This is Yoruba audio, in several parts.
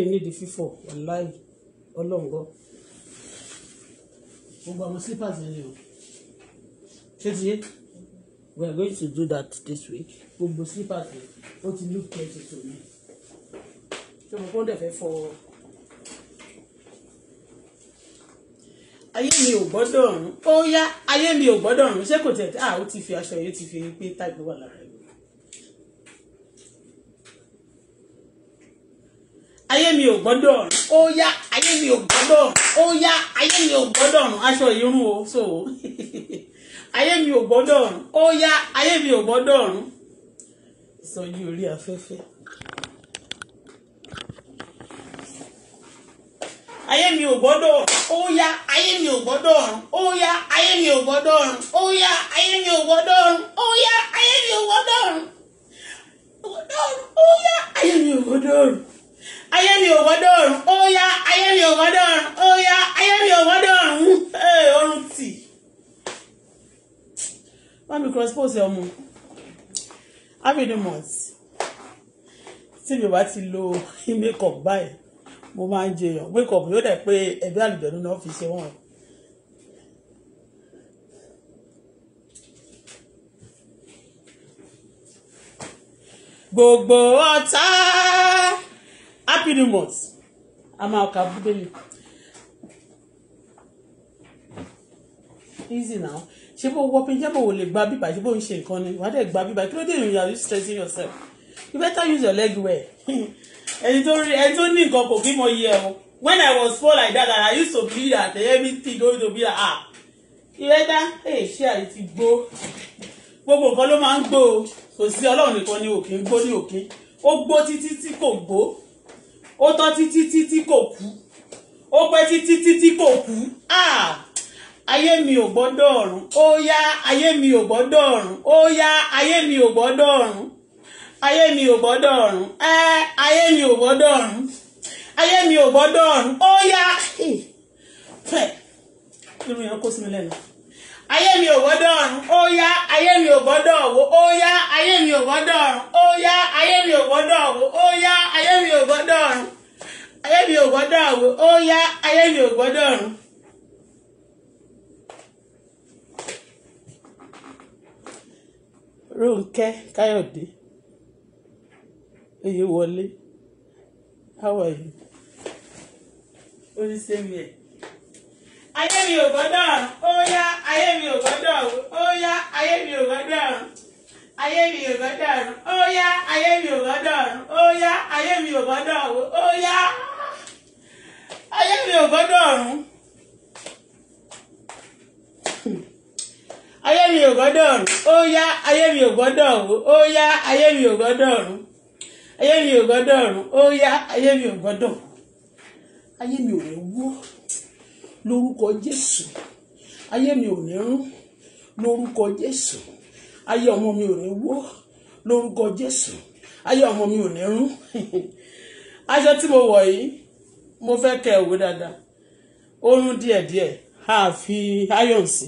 yìí nídìí fífọ̀ wàláì ọlọ́ngọ́ gbogbo àwọn slippers yẹn o ṣé ti yé we are going to do that this week gbogbo slippers yẹn ó ti look plenty to me ṣé mo kó dẹ̀ fẹ́ fọ ayé mi ò gbọ́dọ̀ ọ̀run ó yá ayé mi ò gbọ́dọ̀ ọ̀run ṣé kò tẹ̀ ah ó ti fi aṣọ yìí ó ti fi pé táìpì wà lára rẹ̀. ayé mi ò gbọ́dọ̀ ó yá ayé mi ò gbọ́dọ̀ ó yá ayé mi ò gbọ́dọ̀ aṣọ ìrún o so ayé mi ò gbọ́dọ̀ ó yá ayé mi ò gbọ́dọ̀ ìsọjí orí afẹ́fẹ́. ayé mi ò gbọ́dọ̀ ó yá ayé mi ò gbọ́dọ̀ ọ̀run ó yá ayé mi ò gbọ́dọ̀ ọ̀run ó yá ayé mi ò gbọ́dọ̀ ọ̀run ó yá ayé mi ò gbọ́dọ̀ ọ̀run ó yá ayé mi ò gbọ́dọ̀ ayé mi ò wọ́dọ̀ ọ̀run ó yá ayé mi ò wọ́dọ̀ ọ̀run ó yá ayé mi ò wọ́dọ̀ ọ̀run ọ̀run tì wọ́n mi cross post ọmọ avenue mont tí mi bá ti lo make up báyìí mo máa ń jẹyàn make up yóò dẹ̀ pé ẹ̀bí àlùjọ̀dún náà fi ṣe wọ́n. gbogbo ọ̀tá happy new month a máa kà bíbélì easy now ṣé bó wọ pinjẹ́bọ̀ wò lè gba bíbà ṣé bó ń ṣe nǹkan ni wàá dẹ̀ gba bíbà kí ló dé ìrìn àjò stressing yourself you better use your leg well ẹni tó rí ẹni tó ní nǹkan kò kí mo yẹ o when I was small like that I used to be that everything don to be that ah ìrẹ́dá èyí ṣé àyè ti gbó gbogbo nǹkan ló máa ń gbó o kò sí ọlọ́run nìkan ni òkè ń gbó ní òkè ó gbó títí tí kò gbó ó tọ́ títí títí kò kú ó pẹ́ títí títí kò kú ayé mi ò gbọ́dọ̀ ọ̀run ó yá ayé mi ò gbọ́dọ̀ ọ̀run ó yá ayé mi ò gbọ́dọ̀ ọ̀run ayé mi ò gbọ́dọ̀ ọ̀run ẹ́ ayé mi ò gbọ́dọ̀ ọ̀run ayé mi ò gbọ́dọ̀ ọ̀run ó yá. irun yẹn kó sínú lẹ́nu ayé mi ò gbọ́dọ̀ ọ̀run ó yá ayé mi ò gbọ́dọ̀ ọ̀wọ́ ó yá ayé mi ò gbọ́dọ̀ ọ̀run ó yá ayé mi ò gbọ́dọ̀ ọ̀wọ́ ó yá ayé mi ò gbọ́dọ̀ ọ̀run ayé mi ò gbọ́dọ̀ ọ̀wọ́ ó yá ayé mi ò gbọ́dọ̀ ọ̀run. Rónkẹ́ Káyọ̀dé Oyèwọlé how are you? ó ní sẹ́mi ẹ̀ ayé mi ò gbọ́dọ̀ ó yá ayé mi ò gbọ́dọ̀ ó yá ayé mi ò gbọ́dọ̀ ayé mi ò gbọ́dọ̀ ó yá ayé mi ò gbọ́dọ̀ ó yá ayé mi ò gbọ́dọ̀ ó yá ayé mi ò gbọ́dọ̀ ọ̀run ayé mi ò gbọ́dọ̀ ọ̀run ó yá ayé mi ò gbọ́dọ̀ ó yá ayé mi ò gbọ́dọ̀ ọ̀run ayé mi ò gbọ́dọ̀ ọ̀run ó yá ayé mi ò gbọ́dọ̀ ayé mi ò rẹ̀ wó lórúkọ Jésù ayé mi ò ní rún lórúkọ Jésù ayé ọmọ mi ò ní wó lórúkọ Jésù ayé ọmọ mi ò ní rún aṣọ tí mo wọ̀ yìí mo fẹ́ kẹ òwe dáadáa ó rún díẹ̀díẹ̀ a fi iron sí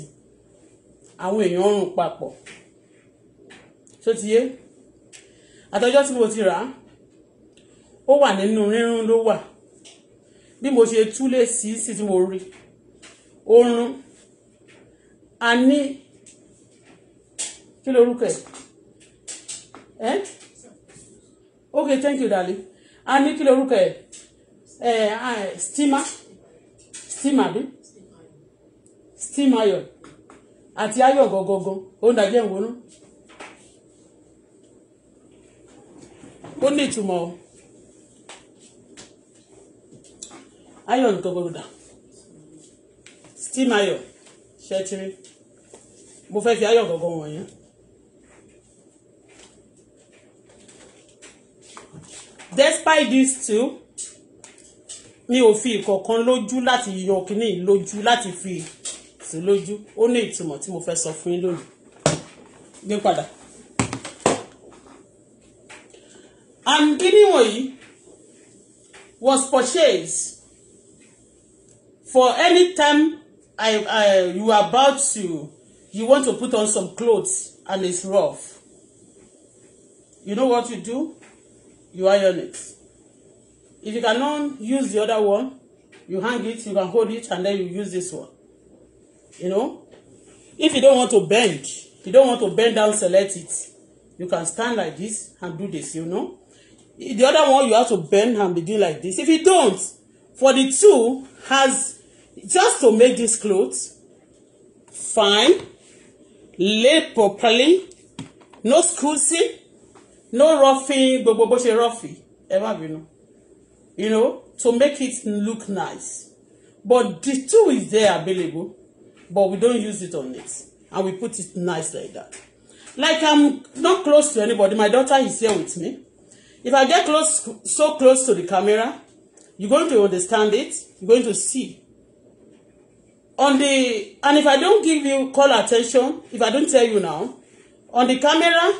àwọn èèyàn ń rún papọ̀ ṣó ti yé àtọjọ́ tí mo ti rà á ó wà nínú rírun ló wà bí mo ṣe túlé sí sí tí mo rí i orun a ní kí lorúkọ ẹ ok thank you darling a ní kí lorúkọ ẹ ẹ steamer steamer bí steam ayọ̀ àti ayọ̀ gangan ó ń dàjẹ́ ìwònú ó ní ìtumọ̀ ayọ̀ gangan dà. tí máa yọ ṣe tiri mo fẹ́ fi ayọ̀ gọ̀gọ̀ wọ̀nyẹn. despite this too mi ò fi ìkọ̀kan lójú láti yọ kíní lójú láti fi sí lójú ó ní ìtumọ̀ tí mo fẹ́ sọ fún yín lónìí gbé padà. and kíní wọ̀nyí was purchased for any time I, I, you are about to, you want to put on some clothes and it's rough. You know what you do? You iron it. If you cannot use the other one, you hang it, you can hold it, and then you use this one. You know? If you don't want to bend, you don't want to bend down, select it. You can stand like this and do this, you know? The other one, you have to bend and be like this. If you don't, for the two, has just to make this clothes fine, lay properly, no squeezing, no roughing, gbogbo bó ṣe roughing, ever má bínú, you know, to make it look nice. But the tool is there available, but we don't use it on it, and we put it nice like that. Like I'm not close to anybody, my daughter is here with me. If I get close, so close to the camera, you're going to understand it, you're going to see on the and if I don't give you call attention if I don't tell you now on the camera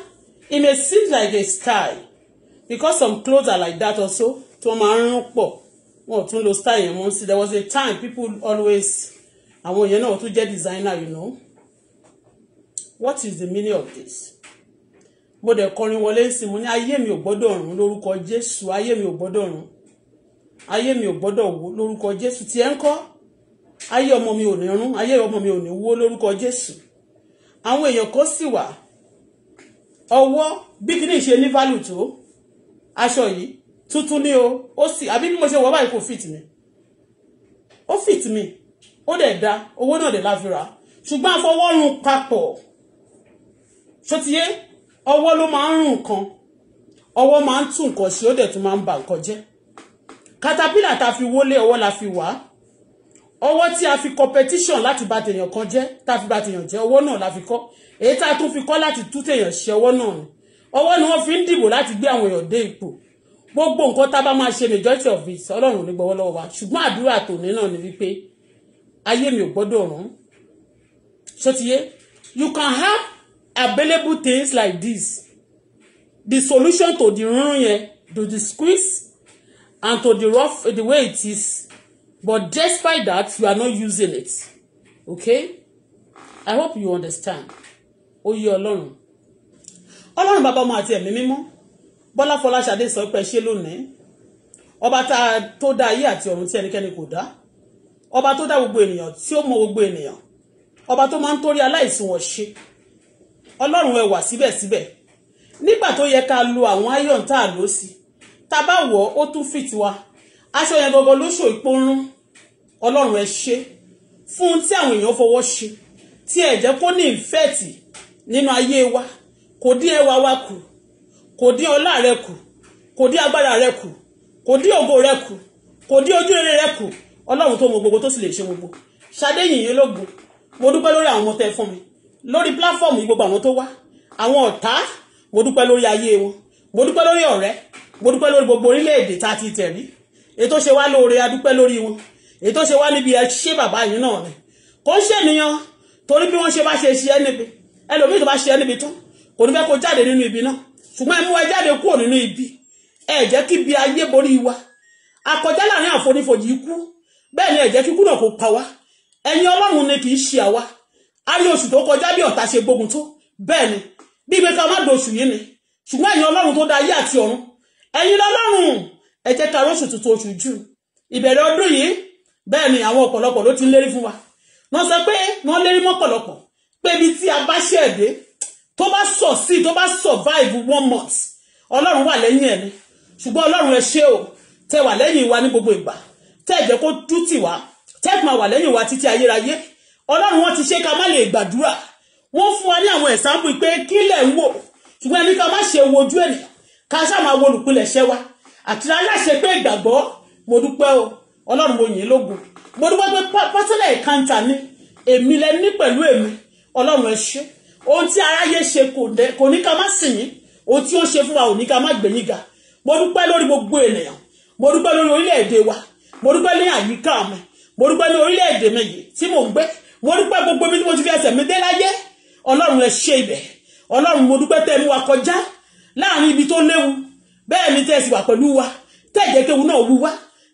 it may seem like a style because some clothes are like that also To wọ́n máa ń rún pọ̀ wọn ò tún lo style yẹn mọ́ sí there was a time people always àwọn yẹn náà tún jẹ́ designer you know what is the meaning of this mo dẹ̀ kọrin wọlé sí mo ní ayé mi ò gbọ́dọ̀ rún lórúkọ Jésù ayé mi ò gbọ́dọ̀ rún ayé mi ò gbọ́dọ̀ wó lórúkọ Jésù tiẹ̀ ń kọ́ ayé ọmọ mi ò ní rún ayé ọmọ mi ò ní wó lórúkọ Jésù àwọn èèyàn kò sì wà ọwọ́ bí kìíní ṣe ní value tó aṣọ yìí tuntun ni o ó sì àbí bí mo ṣe wọ̀ báyìí kò fit mi ó fit mi ó dẹ̀ da owó náà dẹ̀ láfira ṣùgbọ́n àfọwọ́rùn papọ̀ ṣótiyé ọwọ́ ló máa ń rún nǹkan ọwọ́ máa ń tún nǹkan ṣe ó dẹ̀ tún máa ń ba nǹkan jẹ́ katapila ta fi wọlé ọwọ́ la fi wàá owó tí a fi competition láti bà tèèyàn kan jẹ́ tá a fi bà tèèyàn jẹ́ owó náà la fi kọ́ èyí tá a tún fi kọ́ láti tú tèèyàn ṣe owó náà ni owó ni wọ́n fi ń dìbò láti gbé àwọn èèyàn dé ipò gbogbo nǹkan tá a bá máa ṣe majority of it ọlọ́run ní gbọ́wọ́ lọ́wọ́ wa ṣùgbọ́n àdúrà tòní náà ni wípé ayé mi ò gbọ́dọ̀ rún ṣótiyé you can have available things like this the solution to the run yẹn to the squeeze and to the rough the way it is But despite that, you are not using it. Okay? I hope you understand. Oyè Ọlọ́run. Ọlọ́run bàbá ọmọ àti ẹ̀mí mímọ́. Bọ́lá Fọláṣadé sọ pé ṣé lónìí. Ọba tá tó dá ayé àti ọ̀run tí ẹnikẹ́ni kò dá. Ọba tó dá gbogbo ènìyàn tí ó mọ gbogbo ènìyàn. Ọba tó máa ń torí aláìsùn wọ̀n ṣe. Ọlọ́run ẹ wà síbẹ̀síbẹ̀. Nígbà tó yẹ ká lo àwọn áyọ̀n tá sí. Tá a bá wọ̀ ó tún fìtì wa. Aṣọ yẹn gọgọ ló ṣò ìpórún ọlọ́run ẹ ṣe fún tí àwọn èèyàn fọwọ́ ṣe tí ẹ jẹ́ kó ní ìfẹ́ẹ̀tì nínú ayé wa kò dín ẹwà wa kù kò dín ọlá rẹ kù kò dín agbára rẹ kù kò dín ògo rẹ kù kò dín ojú rere rẹ kù ọlọ́run tó mọ gbogbo tó sì lè ṣe gbogbo ṣadé yìnyín lógo mo dúpẹ́ lórí àwọn ọmọ tẹ fún mi lórí pláfọ́ọ̀mù gbogbo àwọn tó wá àwọn ọ̀tá mo dúpẹ́ lórí ayé wọn mo dúpẹ́ lórí ọ̀rẹ́ mo dúpẹ́ lórí gbogbo orílẹ̀-èdè tá a ti tẹ̀rí ètò ṣe wá lóore a lórí wọn èyí tó ṣe wá níbi ẹ ṣé bàbá yìí náà ni kò ń ṣènìyàn torí bí wọ́n ṣe bá ṣe ṣe ẹ́ níbi ẹlòmíì tó bá ṣe ẹ́ níbi tán kò ní fẹ́ kó jáde nínú ibi náà ṣùgbọ́n ẹ mú ẹ jáde kúrò nínú ibi ẹ jẹ́ kí ibi ayé borí wa akọjá láàrin àfonífojì ikú bẹ́ẹ̀ ni ẹ jẹ́ kí ikú náà kó pa wá ẹ̀yin ọlọ́run ni kì í ṣe àwa a rí oṣù tó kọjá bí ọ̀tá ṣe gbógun tó bẹ́ẹ̀ ni bí ibi ká má do oṣù yìí ni ṣùgbọ́n ẹ̀yin ọlọ́run tó dá ayé àti ọ̀run ẹ̀yin lọ́lọ́run ẹ jẹ́ ká rọ́ṣù bẹ́ẹ̀ ni àwọn ọ̀pọ̀lọpọ̀ ló ti ń lérí fún wa wọ́n sọ pé wọ́n lérí mọ́pọ̀lọpọ̀ pé ibi tí a bá ṣe ẹ̀dẹ́ tó bá sọ̀ sí tó bá survive one month ọlọ́run wà lẹ́yìn ẹ̀ ni ṣùgbọ́n ọlọ́run ẹ ṣé o tẹ wà lẹ́yìn wa ní gbogbo ìgbà tẹ ẹ̀jẹ̀ kó tú tì wá tẹ máa wà lẹ́yìn wa títí ayérayé ọlọ́run wọn ti ṣe ká má lè gbàdúrà wọ́n fún wa ní àwọn ẹ̀sánpù pé kílẹ̀ ń wò ṣùgbọ́n ẹni ká má ṣe wojú ènìyàn ká sáà máa wo olùpilẹ̀ṣẹ̀ wa àti aláṣẹ pé ìgbàgbọ́ mo dúpẹ́ o ọlọ́run mo yìn lógun mo dúpẹ́ pé pásítọ̀ ìkàntà ni èmi lẹ ní pẹ̀lú èmi ọlọ́run ẹ ṣé ohun tí aráyé ṣe kò ní ká má sìn yín ohun tí ó ṣe fún wa ò ní ká má gbẹ̀yìn ga mo dúpẹ́ lórí gbogbo ènìyàn mo dúpẹ́ lórí orílẹ̀-èdè wa mo dúpẹ́ ní àyíká mi mo dúpẹ́ ní orílẹ̀-èdè mi yìí tí mò ń gbé mo dúpẹ́ gbogbo ibi tí mo ti fi ẹsẹ̀ mi dé láyé ọlọ́run ẹ ṣé ibẹ̀ ọlọ́run mo dúpẹ́ tẹ́ mú wa kọjá láàrin ibi tó léwu bẹ́ẹ̀ ni tẹ́ ẹ sì wà pẹ̀lú wa tẹ́ jẹ́ kéwu náà wú wa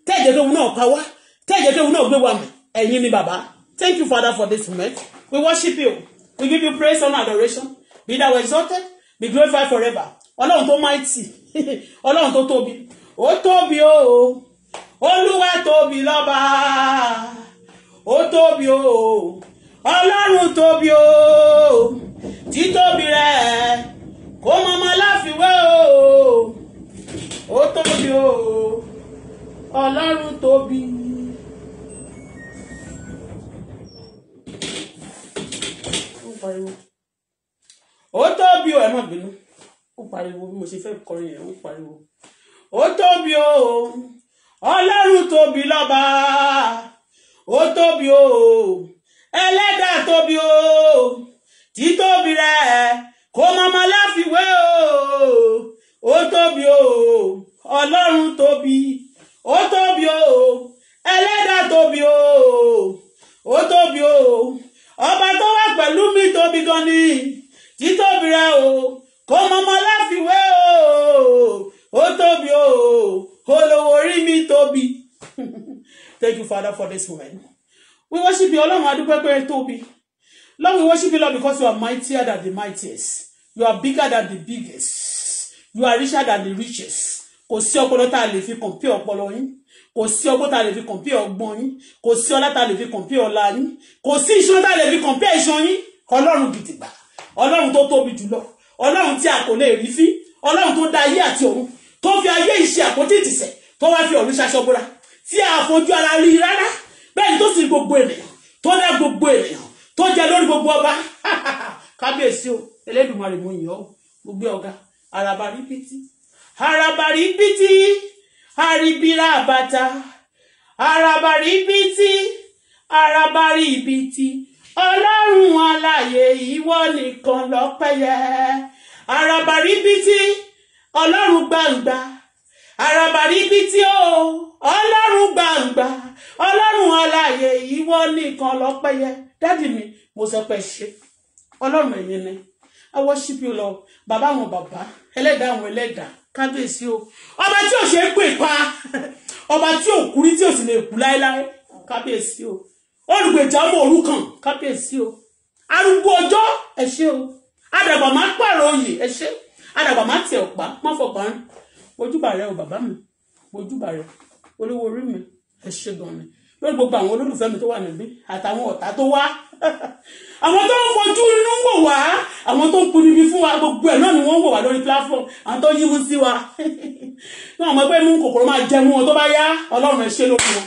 tẹ́ẹ̀jẹ̀ pé òun náà pa wá tẹ́ẹ̀jẹ̀ pé òun náà gbé wa mì ẹ̀yin ni bàbá thank you father for this moment we worship you we give you praise and adoration be thou exalted be glorified forever ọlọ́run tó mighty ọlọ́run tó tóbi ó tóbi o olúwa tóbi lọ́ba ó tóbi o ọlọ́run tóbi o títóbi rẹ̀ kó mọ́mọ́ láfiwé o ó tóbi o ọlọ́run tóbi. ó tóbi o ẹ má bínú ó pariwo bí mo ṣe fẹ́ kọrin yẹn ó pariwo ó tóbi o ọlọ́run tóbi lọ́ba ó tóbi o ẹlẹ́dà tóbi o títóbi rẹ̀ kó mọ́mọ́ láfiwé o ó tóbi o ọlọ́run tóbi ó tóbi o ẹlẹ́dàá tóbi o ó tóbi o ọba tó wà pẹ̀lú mi tóbi gan ni títóbi rẹ o kò mọmọ láfiwé o ó tóbi o olówó orí mi tóbi thank you father for this moment we worship you ọlọ́run adúpẹ́ tóbi lord we worship you lord because you are mightier than the mightiest you are bigger than the biggest you are richer than the richest kò sí ọpọlọ tá a lè fi kàn pé ọpọlọ yín kò sí ọgbọ́n tá a lè fi kàn pé ọgbọ́n yín kò sí ọlá tá a lè fi kàn pé ọlá yín kò sí iṣan tá a lè fi kàn pé iṣan yín ọlọ́run gìdìgbà ọlọ́run tó tóbi jùlọ ọlọ́run tí a kò lè rí fí ọlọ́run tó dá ayé àti ọ̀run tó fi ayé ìṣe àpótí ìtìsẹ̀ tó wá fi ọ̀run ṣaṣọ́gbóra tí a fojú ara rí rárá bẹ́ẹ̀ tó sì gbogbo ènìyàn tó dá gbogbo ènìyàn tó jẹ lórí gbogbo ọba kábíyèsí o Elédùmarè mo yìn ọ́ gbogbo ọ̀gá araba rí pétí Harabari biti, haribira arabaribiti aribira àbàtà arabaribiti arabaribiti ọlọ́run alààyè ìwọ nìkan lọ́pẹ́yẹ arabaribiti ọlọ́run gbangba biti o ọlọ́run gbangba ọlọ́run alààyè ìwọ nìkan lọ́pẹ́yẹ dádì mi mo sọ pé ṣe ọlọ́run ẹ̀yin ni. I worship you Lord Baba àwọn baba. ẹlẹ́dàá àwọn ẹlẹ́dàá kábíyèsí o ọba tí ò ṣe é pa ọba tí ò kú rí tí ò sì lè kú láéláé kábíyèsí o olùgbèjà ọmọ òrukàn kábíyèsí o arúgbó ọjọ́ ẹ ṣé o àdàgbà máa pààrọ̀ oyè ẹ ṣé àdàgbà máa tẹ̀ ọ̀pá má fọ̀pá rìn ojúbà rẹ o bàbá mi ojúbà rẹ olówó orí mi ẹ ṣé gan ni lórí gbogbo àwọn olólùfẹ́ mi tó wà níbí àtàwọn ọ̀tá tó wá àwọn tó ń fojú inú wò wá àwọn tó ń ponibi fún wa gbogbo ẹ̀ náà ni wọ́n wò wá lórí platform àwọn tó yíwú sí wa náà mọ̀ pé mú kòkòrò máa jẹun wọn tó bá yá ọlọ́run ẹ ṣé lórí wọn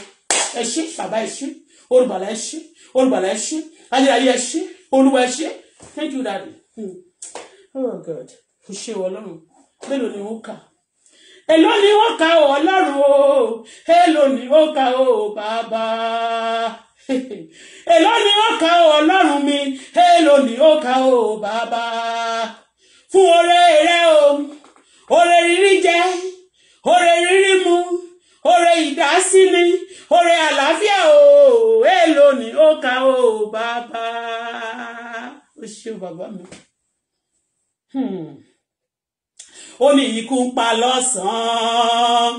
ẹ ṣé bàbá ẹ ṣé olùbàlà ẹ ṣé olùbàlà ẹ ṣé ayérayé ẹ ṣé olúwa ẹ ṣé thank you daddy hmm. oh god kò ṣe wọ ọlọ́run mélòó ni wọ́n kà èló ni wọ́n kà ọ ọlọ́run o èló ni wọ́n kà ọ bàbá. èló ni ó kà ó ọlọ́run mi èló ni ó kà ó bàbá fún oore rẹ o oore rírí jẹ oore rírí mu oore ìdásí ni oore àlàáfíà o èló ni ó kà ó bàbá o ṣe bàbá mi. ó ní ikú ń pa lọ́sàn-án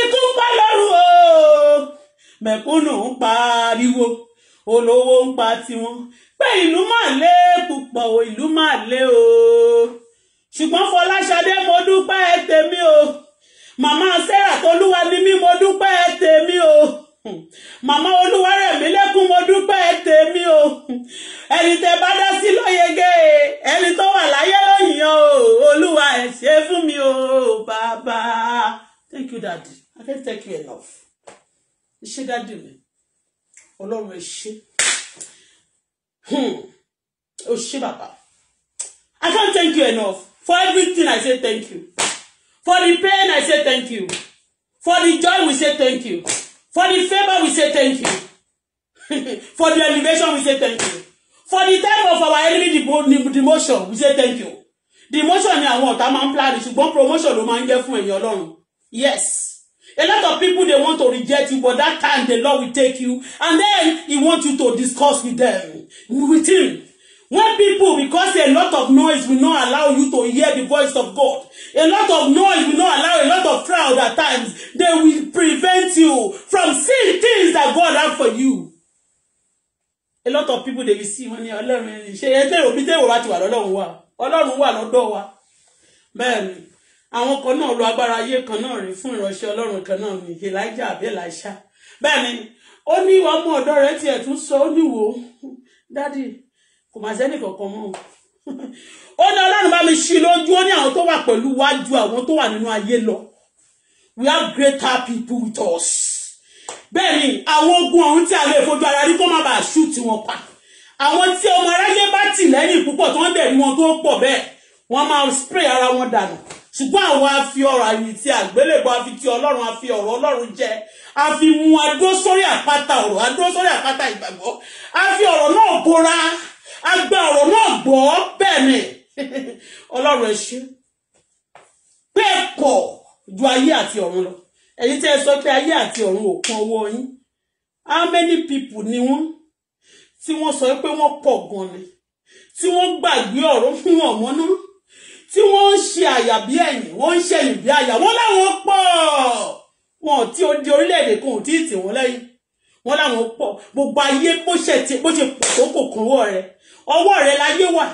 ikú ń pa lóru o mẹ̀kúnnù ń pariwo olówó ń pa tiwọn pé ìlú máa lé púpọ̀ o ìlú máa lé o ṣùgbọ́n Fọláṣadé mo dúpẹ́ tèmi o màmá Sarah tolúwa ni mí mo dúpẹ́ tèmi o màmá Olúwarẹ̀mílẹ́kùn mo dúpẹ́ tèmi o ẹni tẹ bá dá sí lóyege ẹni tó wà láyé lóyìn o olúwa ẹ ṣe fún mi o bàbá thank you daddy i can't thank you enough ṣé dádì mi ọlọ́run ẹ ṣé hmm. o ṣé bàbá I can't thank you enough for everything I say thank you for the pain I say thank you for the joy we say thank you for the favour we say thank you for the elevation we say thank you for the time of our enemy demotion we say thank you demotion ni àwọn ọ̀tá máa ń plan ṣùgbọ́n promotion ló máa ń jẹ́ fún ẹ̀yin ọlọ́run yes. A lot of people, they want to reject you, but that time the Lord will take you. And then he wants you to discuss with them, with him. When people, because a lot of noise will not allow you to hear the voice of God. A lot of noise will not allow a lot of crowd at times. They will prevent you from seeing things that God has for you. A lot of people, they will see when you are learning. ẹgbẹ́ àwọn kan náà lo agbára ayé kan náà rí fún ìránṣẹ́ ọlọ́run kan náà ní Elijah àbí Elisha bẹ́ẹ̀ ni ó ní ọmọ ọ̀dọ́ rẹ̀ tiẹ̀ tún sọ ó níwò dádì kò má sẹ́ni kankan mọ́ ó ní ọlọ́run bá mi ṣí lójú ó ní àwọn tó wà pẹ̀lú wájú àwọn tó wà nínú ayé lọ we have greater people with us bẹ́ẹ̀ ni àwọn ogun ọ̀hún tí a lè fojú ara rí kó má bàa ṣú tiwọn pa àwọn tí ọmọ aráyé bá tì lẹ́yìn púpọ̀ tí wọ́n dẹ̀ ní wọn tó pọ̀ bẹ́ẹ̀ wọ́n máa spray ara wọn dànù ṣùgbọ́n àwọn afi ọ̀rọ̀ àyè ti àgbélébọ̀ afi ti ọlọ́run afi ọ̀rọ̀ ọlọ́run jẹ afi mu adó sórí àpáta ọ̀rọ̀ adó sórí àpáta ìgbàgbọ́ afi ọ̀rọ̀ náà bora agbẹ́ ọ̀rọ̀ náà gbọ́ bẹ́ẹ̀ ni ọlọ́run ẹ ṣé bẹ́ẹ̀ kọ̀ ju ayé àti ọ̀run lọ ẹ̀yin tẹ́ ẹ sọ pé ayé àti ọ̀run ò kan owó yín how many people ni wọ́n tí wọ́n sọ pé wọ́n pọ̀ gan ni tí wọ́n gbàgbé ọ̀rọ̀ fún ọ̀mọ́ná tí wọ́n ń ṣe àyà bí ẹ̀yìn wọ́n ń ṣẹ̀yìn bí àyà wọ́n láwọn pọ̀ wọn tí ó di orílẹ̀-èdè kan ò tí ì tì wọ́n lẹ́yìn wọ́n láwọn pọ̀ gbogbo ayé bó ṣe ti bó ṣe pọ̀ tó kò kún ọwọ́ rẹ ọwọ́ rẹ láyé wà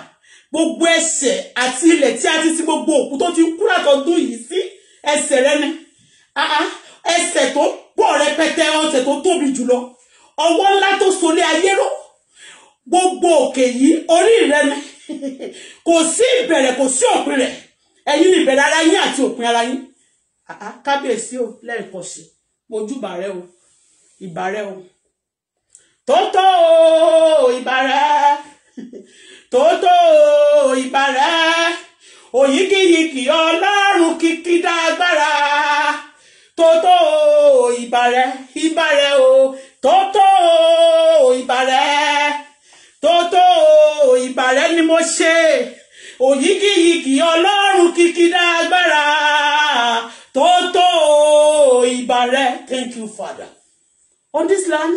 gbogbo ẹsẹ̀ àti ilẹ̀ tí a ti ti gbogbo òkú tó ti kú látọdún yìí sí ẹsẹ̀ rẹ ni ẹsẹ̀ tó pọ̀ rẹpẹtẹ ọ̀sẹ̀ tó tóbi jùlọ ọwọ́ ńlá tó solé ayé rọ gbogbo òkè yìí orí rẹ kò sí ìbẹ̀rẹ̀ kò sí òpin rẹ̀ ẹ̀yin ni ìbẹ̀rẹ̀ ara yín àti òpin ara yín kábíyèsí o lẹ́ẹ̀kan sí mojú bàrẹ́ o ìbàrẹ́ o tótó ìbàrẹ́ tótó ìbàrẹ́ òyíkíyíkì ọlọ́run kìkì dágbára tótó ìbàrẹ́ ìbàrẹ́ o tótó ìbàrẹ́ tótó ìbàrẹ́ ni mo ṣe òyígíyigì ọlọ́run kìkìdá agbára tó tó ìbàrẹ́ thank you father on this land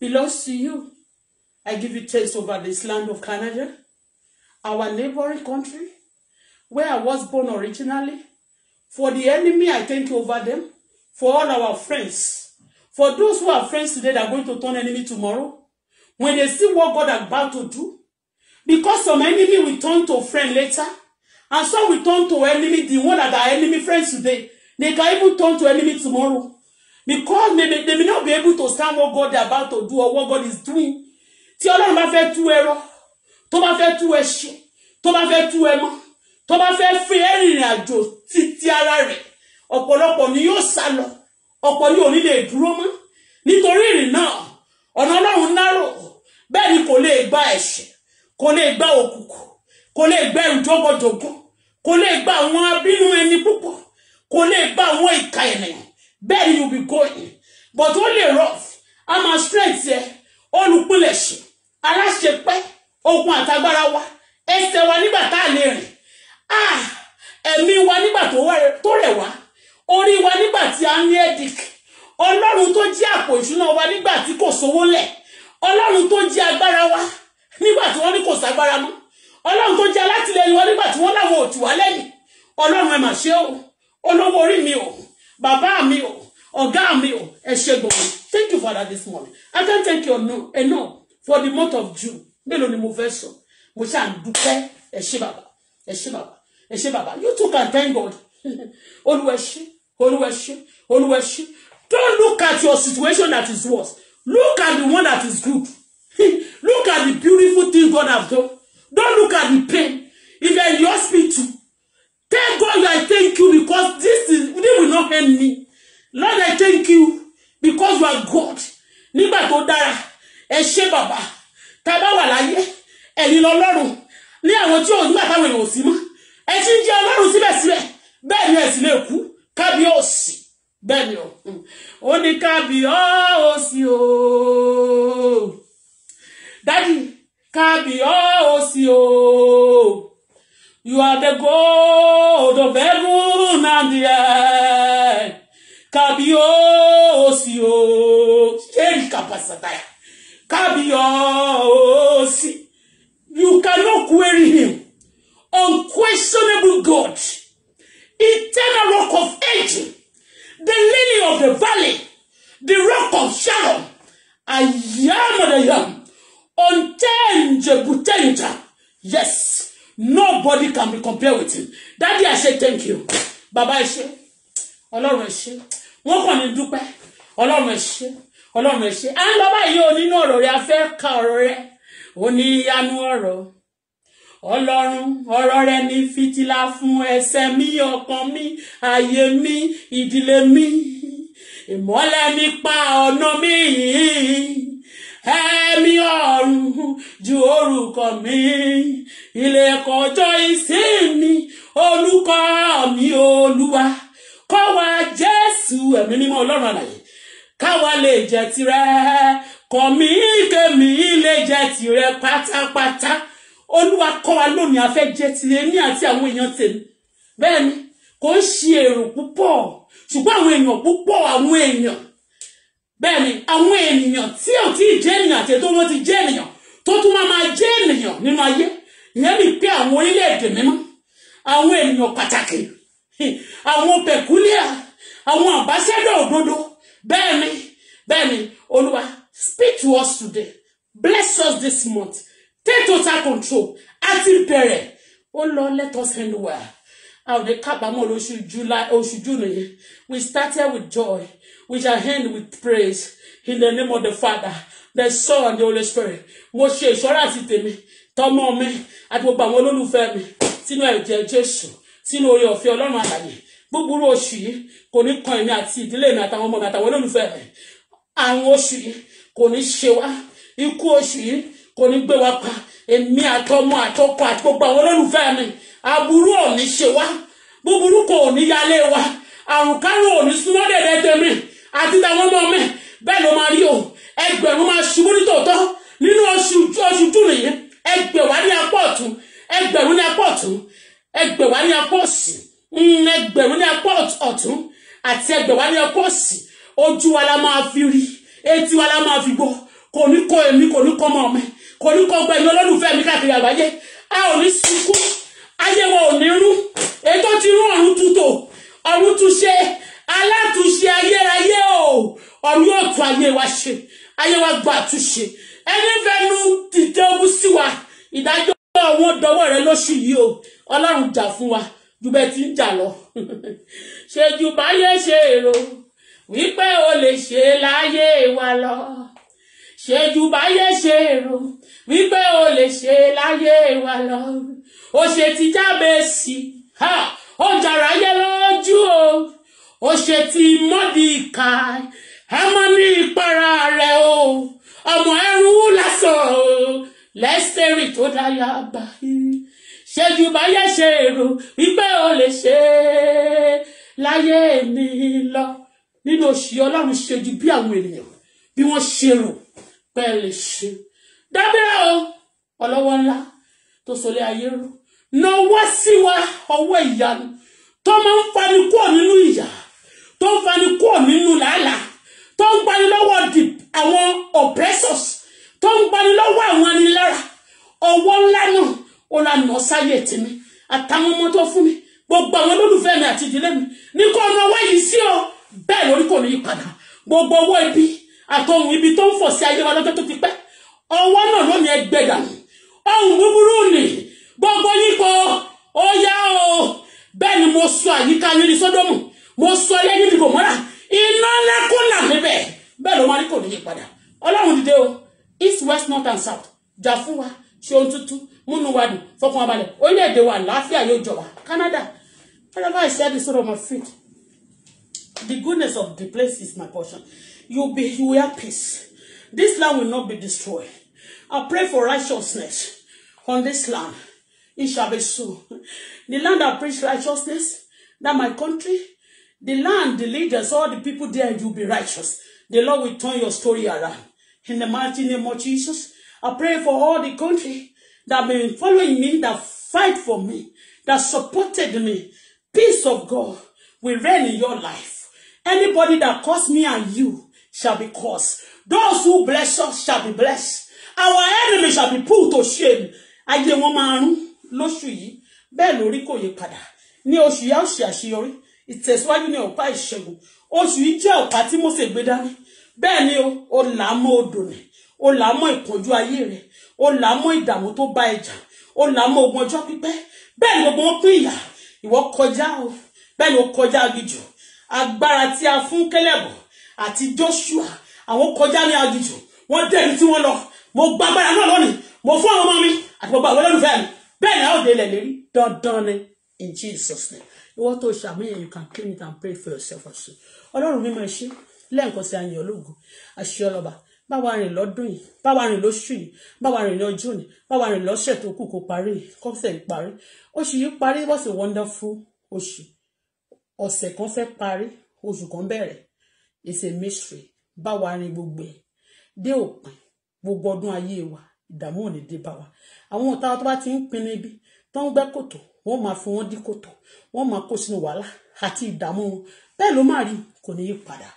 belongs to you i give you thanks over this land of canada our neighboring country where i was born originally for the enemy i thank you over them for all our friends for those who are friends today that are going to turn enemy tomorrow when they see what god about to do because some enemy will turn to friend later and some will turn to enemy the one that are enemy friends today they can even turn to enemy tomorrow because they may, they may not be able to stand what God is about to do or what God is doing Ti ọlọ́run bá fẹ́ tú ẹrọ tó bá fẹ́ tú ẹṣin tó bá fẹ́ tú ẹmọ tó bá fẹ́ fi ẹrìnrìn àjò títí ara rẹ̀ ọ̀pọ̀lọpọ̀ ni yóò sá lọ ọ̀pọ̀ yóò ní lè dúró mọ́ nítorí ìrìn náà ọ̀nà ọlọ́run nárò bẹ́ẹ̀ ni kò lè gba ẹ̀ṣẹ̀ kò lè gbá òkùnkùn kò lè gbá ìjọgbọjọgbọn kò lè gbá àwọn abínú ẹni púpọ̀ kò lè gbá àwọn ìka ènìyàn bẹ́ẹ̀ ni you be going but ó lè rough a máa strength yẹ olùpilẹ̀ṣẹ̀ aláṣepẹ́ okun àtagbára wa ẹsẹ̀ wa nígbà tá a lè rìn ah ẹ̀mí wa nígbà tó rẹ̀ wá orí wa nígbà tí a ní edic ọlọ́run tó jẹ́ àpò ìṣúná wa nígbà tí kò sówó lẹ̀ ọlọ́run tó jẹ́ agbára wa nígbà tí wọ́n ní kò ságbára mọ́ ọlọ́run tó jẹ́ alátìlẹyìn wọn nígbà tí wọ́n láwọn òtù wá lẹ́yìn ọlọ́run ẹ mà ṣe o olówó orí mi o bàbá mi o ọ̀gá mi o ẹ ṣe gbogbo thank you father this morning i can thank you no, enough for the month of june mélòó ni mo fẹ́ sọ mo ṣáà ń dúpẹ́ ẹ ṣé bàbá ẹ ṣé bàbá ẹ ṣé bàbá you too can thank god olúwa ẹ ṣé olúwa ẹ ṣé don't look at your situation that is worse look at the one that is good look at the beautiful things God have done don't look at the pain if you are in the hospital tell God I thank you because this is this will not end me Lord I thank you because you are God nígbà tó dára ẹ ṣé bàbá tá a bá wà láyé ẹ̀yin lọ́lọ́run ní àwọn tí òun nígbà táwọn èèyàn ò sí mọ́ ẹ ti ń jẹ ọlọ́run síbẹ̀síbẹ̀ bẹ́ẹ̀ ni ẹ lè kú kábíyèsí bẹ́ẹ̀ ni ó ní kábíyèsí ooo. Daddy, Kábíyèsí o. You are the God of heaven and the earth. Kábíyèsí o. Change capacity. Kábíyèsí. You cannot query him. Unquestionable God. Eternal rock of ages. The lily of the valley. The rock of Shalom, I Yam that I am unchangeable changer. Yes. Nobody can be compared with him. Daddy, I say thank you. Baba, I say. Ọlọ́run ẹ ṣé. Wọ́n kàn ní dúpẹ́. Ọlọ́run ẹ ṣé. Ọlọ́run ẹ ṣé. À ń lọ báyìí o nínú ọ̀rọ̀ rẹ̀, a fẹ́ ka ọ̀rọ̀ rẹ̀. O ní ìyanu ọ̀rọ̀. Ọlọ́run ọ̀rọ̀ rẹ̀ ní fìtílà fún ẹsẹ̀ mi, ọkàn mi, ayé mi, ìdílé mi. Ìmọ́lẹ̀ mi pa ọ̀nà mi yìí ẹ̀mí ọ̀run ju orúkọ mi ilẹ̀kùn ọjọ́ ìsinmi olùkọ́ mi olúwa kọ́ wa jésù ẹ̀mí mímọ́ ọlọ́run àlàyé káwa lè jẹ́ tirẹ̀ kọ́ mi kẹ́mi lè jẹ́ tirẹ̀ pátápátá olúwa kọ́ wa lónìí a fẹ́ jẹ́ tirẹ̀ ní àti àwọn èèyàn tèmi bẹ́ẹ̀ ni kò ń ṣe èrò púpọ̀ ṣùgbọ́n àwọn èèyàn púpọ̀ àwọn èèyàn bẹ́ẹ̀ ni àwọn ènìyàn tí ò tí ì jẹ́ ènìyàn àti ètò wọn ti jẹ́ ènìyàn tó tún máa máa jẹ́ ènìyàn nínú ayé ìyẹn ni pé àwọn orílẹ̀-èdè mímọ́ àwọn ènìyàn pàtàkì àwọn pẹ̀kúlíà àwọn àbáṣẹ́dọ̀ òdodo bẹ́ẹ̀ ni bẹ́ẹ̀ ni olúwa speak to us today bless us this month take total control àti bẹ̀rẹ̀ ó lọ let us handle well àwọn kábàámọ̀ lóṣù July oṣù June yẹn we started with joy We shall end with praise in the name of the Father, the Son, and the Holy Spirit. Mo ṣe ìṣọ́ra àti tèmi, tọmọ mi, àti gbogbo àwọn olólùfẹ́ mi sínú ẹ̀jẹ̀ Jésù, sínú oore ọ̀fẹ́ Ọlọ́run àlàyé. Búburú oṣù yìí kò ní kan èmi àti ìdílé mi àtàwọn ọmọ mi àtàwọn olólùfẹ́ mi. Àrùn oṣù yìí kò ní ṣe wá. Ikú oṣù yìí kò ní gbé wa pa. Èmi àtọmọ àtọkọ àti gbogbo àwọn olólùfẹ́ mi. Àbúrú ò ní ṣe wá. Búburú kò ní yálé wa àrùn kárùn òní súnmọ́ dẹ̀dẹ̀ tèmi àti tàwọn ọmọ mi bẹ́ẹ̀ ló máa rí o ẹgbẹ̀rún máa ṣubú ní tòótọ́ nínú oṣù oṣù júnù yìí ẹgbẹ̀wá ní apá ọ̀tún ẹgbẹ̀rún ní apá ọ̀tún ẹgbẹ̀wá ní apá òsì mm, ẹgbẹ̀rún ní apá ọ̀tún àti ẹgbẹ̀wá ní apá òsì ojú wa la máa fi rí etí wa la máa fi gbọ́ kò ní kọ èmi kò ní kọ ọmọ mi kò ní kọ gbẹ̀mí olólùfẹ́ mi káàkiri àgbáyé a ò ní sunkún ayé wa ò ní rú ètò ti rún ọ̀run tútò ọ̀run túnṣe alátúnṣe ayérayé o ọ̀run yóò tún ayé wa ṣe ayé wa gba àtúnṣe ẹni fẹnu dìde ogun sí wa ìdájọ́ àwọn dọwọ́ rẹ lóṣù yìí o ọlọ́run jà fún wa ju bẹ́ẹ̀ ti ń jà lọ ṣe ju báyé ṣe èrò wípé o lè ṣe láyé wa lọ ṣe ju báyé ṣe èrò wípé o lè ṣe láyé wa lọ o ṣe ti jábẹ́ sí i ó jàrá o ó ṣe ti Mọ́díkàì ẹ mọ́ ní ìpara rẹ̀ o ọmọ ẹrú lásán o lẹ́sẹ̀rì tó dáyà báyìí ṣẹ́jú báyẹ̀ ṣe èrò wípé o lè ṣe láyé mi lọ nínú oṣù ọlọ́run ṣe ju bí àwọn ènìyàn bí wọ́n ṣe rò pé ẹ lè ṣe dábìrà o ọlọ́wọ́ ńlá tó sọlé ayé rú náwó sí wa ọwọ́ ìyanu tó máa ń fani kúrò nínú ìyà tó ń fani kúrò nínú làálàá tó ń gbani lọ́wọ́ àwọn oppressors tó ń gbani lọ́wọ́ àwọn anilára ọwọ́ ńlá náà ó la nà sáyé tèmi àtàwọn ọmọ tó fún mi gbogbo àwọn olólùfẹ́ mi àti ìdílé mi ní kó ọmọ ọwọ́ yìí sí ọ bẹ́ẹ̀ lórí kò ní yí padà gbogbo ọwọ́ ibi àtọ̀hún ibi tó ń fọ̀ sí ayé wa lọ́jọ́ tó ti pẹ́ ọwọ́ náà lónìí ẹgbẹ̀dà ọ̀hún búburú nì gbogbo yín kọ ó yá o bẹ́ẹ̀ ni mo sọ àyíká yín ní sódómù mo sọ ilé níbi kò mọ́ra iná lẹ́kún là níbẹ̀ bẹ́ẹ̀ ló máa ní kò ní yípadà ọlọ́run dìde o east west north and south jà fún wa ṣe ohun tuntun múnú wa dùn fọkàn wa balẹ̀ orílẹ̀-èdè wa àlàáfíà yóò jọba Canada whatever I said is out of my feet the goodness of the place is my portion you be you will have peace this land will not be destroyed I pray for righteousness on this land it shall be so the land I preach righteousness that my country The land, the leaders, all the people there, you'll be righteous. The Lord will turn your story around. In the mighty name of Jesus, I pray for all the country that have been following me, that fight for me, that supported me. Peace of God will reign in your life. Anybody that cursed me and you shall be cursed. Those who bless us shall be blessed. Our enemy shall be put to shame. Ayé wọn máa rún lóṣù yìí. Bẹ́ẹ̀ lórí kò yí padà. Ní oṣù yá ó ṣe àṣeyọrí ìtẹ̀síwájú ní ọ̀pá ìṣẹ́gun oṣù yìí jẹ́ ọ̀pá tí Mósè gbé dání bẹ́ẹ̀ ni o là á mọ́ odò rẹ̀ o là á mọ́ ìpọ́njú ayé rẹ̀ o là á mọ́ ìdààmú tó bá ẹja o là á mọ́ ogun ọjọ́ pípẹ́ bẹ́ẹ̀ ni gbogbo wọn pín ìyà ìwọ kọjá o bẹ́ẹ̀ ni o kọjá aginjù agbára tí a fún Kélébù àti Joshua àwọn kọjá ní aginjù wọ́n dẹ̀bi tí wọ́n lọ mo gba agbára náà lónìí mo fún àwọn ọmọ mi àti gbogbo àwọn olólùfẹ́ mi bẹ́ẹ̀ ni a ó dé ilẹ̀ lérí dandan ni in Jesus name ìwọ tó ṣàmúyẹ you can clean it and pray for yourself also ọlọ́run mímọ́ ẹ ṣé lẹ́ẹ̀kan sí ayìn ológo àṣẹ ọlọ́ba bá wa rìn lọ́dún yìí bá wa rìn lóṣù yìí bá wa rìn lọ́jọ́ yìí bá wa rìn lọ́sẹ̀ tó kù kó parí kọ́sẹ̀ yìí parí oṣù yìí parí what's a wonderful oṣù ọ̀sẹ̀ kan fẹ́ parí oṣù kan bẹ̀rẹ̀ it's a mystery bá wa rìn gbogbo ẹ̀ dé òpin gbogbo ọdún ayé wa ìdààmú ò ní dé bá wa àwọn ọ̀tá tó bá ti ń pinnu ibi tó ń gbẹ́ kòtò wọ́n máa fi wọ́n dí kòtò máa kó sínú wàhálà àti ìdààmú wọn bẹ́ẹ̀ ló máa rí kò ní í padà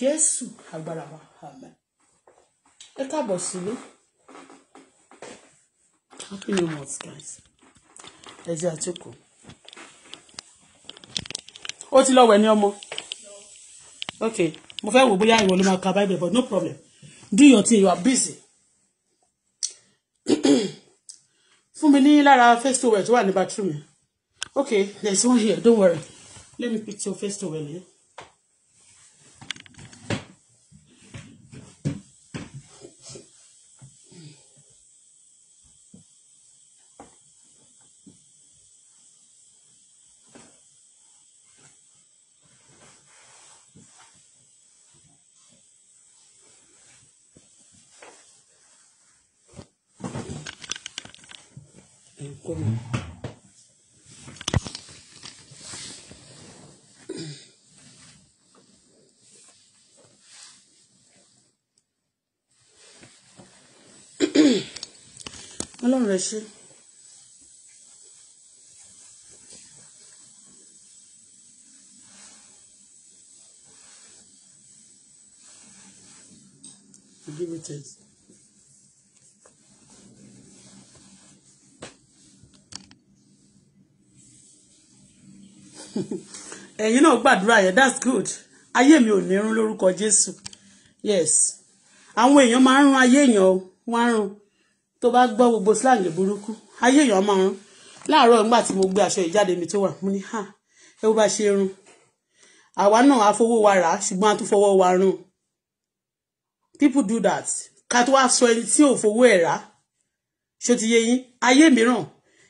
jésù agbára wa àmín ẹ káàbọ̀ sílé happy new month guys ẹ jẹ́ àtúkò ó ti lọ́wọ́ ẹni ọmọ ok mo fẹ́ wò bóyá ìwọ ló máa ka bible but no problem do your thing you are busy fún mi ní lára face to wear wà ní bathroom yẹn. Okay, there's one here. Don't worry. Let me put your face to well here. ọlọ́run ẹ ṣé. give it it. ẹ̀yin náà gbàdúrà yẹn that's good ayé mi ò ní rún lórúkọ Jésù yes àwọn èèyàn máa ń rún ayé èèyàn o á rún tó bá gbọ́ gbogbo slang burúkú ayé èèyàn máa ń láàárọ̀ nígbà tí mo gbé aṣọ ìjáde mi tó wà mo ní ha ẹ bó bá ṣe rún àwa náà á fowó wa rà á ṣùgbọ́n a tún fọwọ́ wa rún people do that ká tó wá sọ ẹni tí ò fowó ẹ̀ rà ṣó ti yé yín ayé mìíràn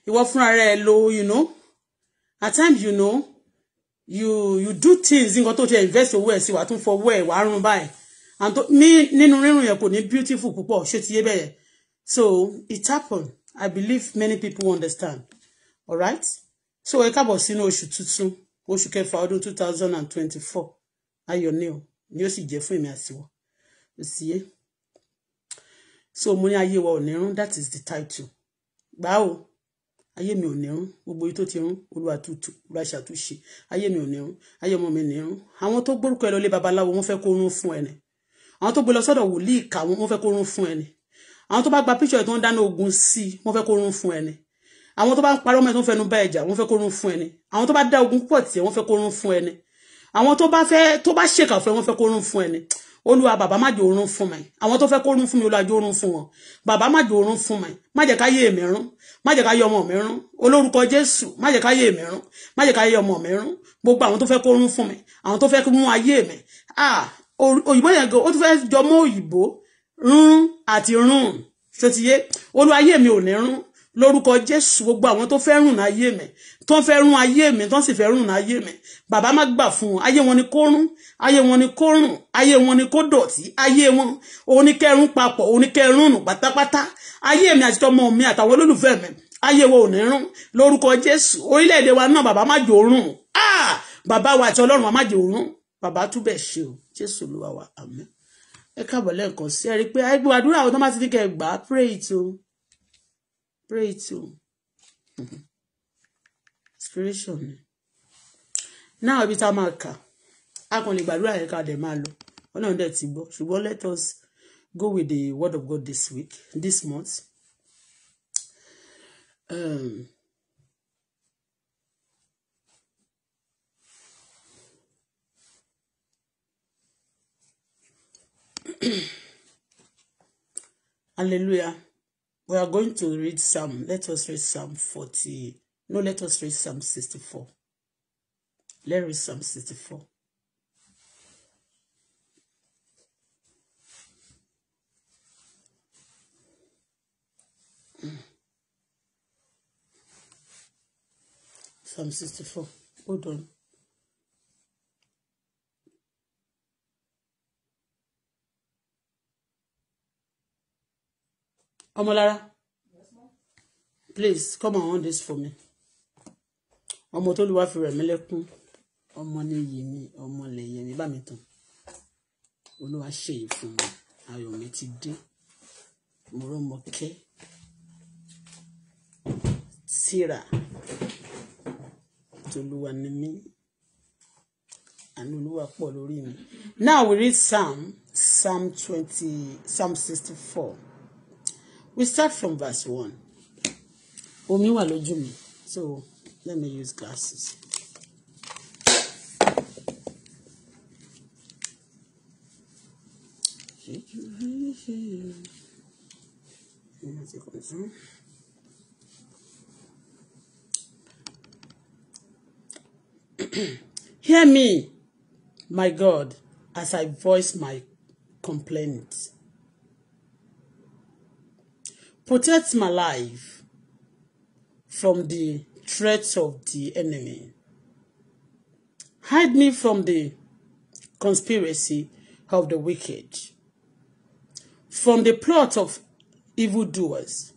ìwọ fúnra rẹ lo you know at times you know you you do things nǹkan tó ti invest owó ẹ̀ sí wàá tún fọwọ́ ẹ̀ wàá rún báyìí and to, mi nínú rírun yẹn kò ní beautiful púpọ̀ ṣó ti yé bẹ́ẹ̀ yẹn so it happened i believe many people understand all right so ẹ káàbọ̀ sínú oṣù should oṣù kẹfà ọdún two thousand and twenty-four ayọ̀ ni You see, ó sì jẹ́ fún èmi so money ní ayé wa ò that is the title gbà Aye mi ò ní rún gbogbo yìí tó ti rún olúwa ṣàtúnṣe ayé mi ò ní rún ayé ọmọ mi ní rún àwọn tó gbórúkọ ẹ lọ lé babaláwo wọ́n fẹ́ kó rún fún ẹ ní àwọn tó gbé lọ sọ́dọ̀ wòlíì kà wọ́n fẹ́ kó rún àwọn tó bá gba picture tó ń dáná ogun sí i wọ́n fẹ́ kó run fún ẹ ni àwọn tó bá ń parọ́ mọ́ ẹ tó ń fẹnu bá ẹjà wọ́n fẹ́ kó run fún ẹ ni àwọn tó bá dá ogun púpọ̀ tiẹ̀ wọ́n fẹ́ kó run fún ẹ ni àwọn tó bá fẹ́ tó bá ṣèkà fún ẹ wọ́n fẹ́ kó run fún ẹ ni olúwa bàbá má jò orun fún mi àwọn tó fẹ́ kó orun fún mi olúwa jò orun fún wọn bàbá má jò orun fún mi má jẹ́ ká yé èmi rún má jẹ́ ká yé ọmọ mi rún olórúkọ jésù má jẹ́ ká yé èmi rún má jẹ́ ká yé ọmọ mi rún gbogbo àwọn tó fẹ́ kó orun fún mi àwọn tó fẹ́ mú ayé mi ah òyìnbó yẹn gan ó tún fẹ́ jọ òyìnbó rúnrún àti rún ṣe ti yé olú ayé mi ò ní rún lórúkọ jésù gbogbo àwọn tó fẹ́ rùn láyé mi tó fẹ́ rún ayé mi tó sì fẹ́ rùn láyé mi bàbá má gbà fún wọn ayé wọn ni kó rún ayé wọn ni kó rùn ayé wọn ni kó dọ̀tí ayé wọn oníkẹrún papọ̀ oníkẹrún nù pátápátá ayé mi àti tọmọ mi àtàwọn olólùfẹ́ mi ayé wọn ò ní rún lórúkọ jésù orílẹ̀-èdè wa náà bàbá má jò rún ah! bàbá wa àti ọlọ́run wa má jò rún bàbá túbẹ̀ ṣe o jésù olúwa wa àmín ẹ káàbọ̀ lẹ́ẹ̀kan sí ẹ rí i pé ẹ gbọ́ àdúrà àwọn tó máa ti ní gbà á pray to, pray to. inspiration ni náà ibi tá a máa kà á kàn lè gbàdúrà yẹn ká dẹ̀ máa lọ ọlọ́run dẹ̀ ti gbọ́ ṣùgbọ́n let us go with the word of God this week this month. Um, Hallelujah. We are going to read Psalm. Let us read Psalm 40. No, let us read Psalm 64. us read Psalm 64. Psalm 64. Hold on. Omolara, please come on this for me ọmọ tó lè wá fi rẹ̀ mí lẹ́kún ọmọ ní yìí mi ọmọ lè yẹ mi bá mi tàn olúwa ṣe yìí fún mi ayọ̀ mi ti dé mo rọ́mọ kẹ́ síra tolúwa ni mí àánú olúwa pọ̀ lórí mi now we read psalm psalm twenty psalm sixty four we start from verse one omi wà lójú mi so let me use glasses. Hear me, my God, as I voice my complaints protect my life from the threats of the enemy. Hide me from the conspiracy of the wicked, from the plot of evildoers.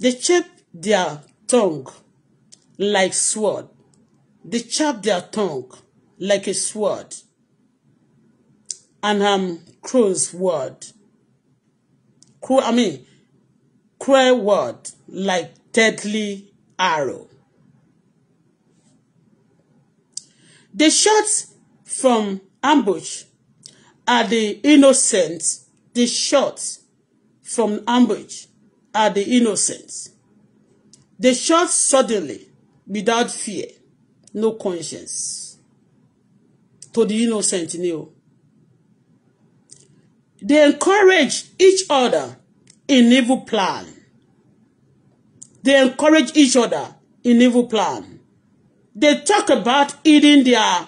They shape their tongue like sword. They chop their tongue like a sword. And I'm cross word cruel, I mean, cruel word like deadly arrow. The shots from ambush are the innocent. The shots from ambush are the innocent. The shots suddenly without fear, no conscience. To the innocent you know. They encourage each other in evil plan. They encourage each other in evil plan. They talk about hiding their,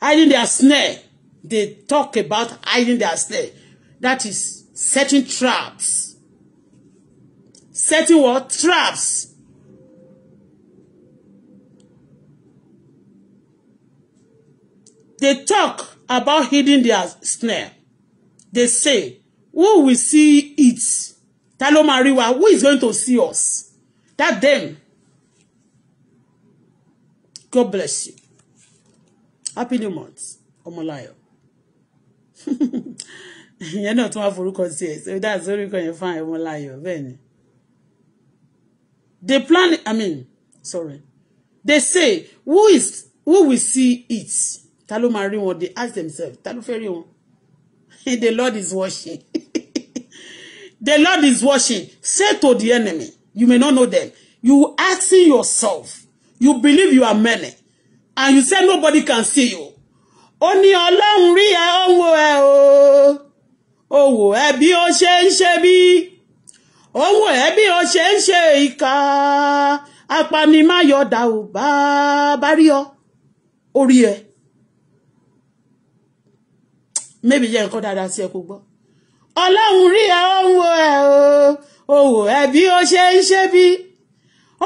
hiding their snare. They talk about hiding their snare. That is setting traps. Setting what? Traps. They talk about hiding their snare they say who will see it Talo ló who is going to see us that them God bless you happy new month ọmọláyọ ìyẹn náà tún wá forúkọ sí ẹ so that's orúkọ yẹn fún ọmọláyọ bẹ́ẹ̀ ni they plan i mean sorry they say who is who will see it Talo ló they ask themselves Talo ló fẹ́ rí wọn the Lord is watching. the Lord is watching. Say to the enemy, you may not know them. You asking yourself, you believe you are many, and you say nobody can see you. Ó ní Ọlọ́run rí ẹ ó ń wo o. Ó wò ẹ́ bí ó ṣe ń ṣe bí. Ó wò ẹ́ bí ó ṣe ń ṣe ìkà. Apanimáyọ̀dà ò maybe yẹ nǹkan dáadáa sí ẹ kó gbọ́ ọlọ́run rí ẹ ó ń wo ẹ o ò wò ẹ bí ó ṣe ń ṣe bí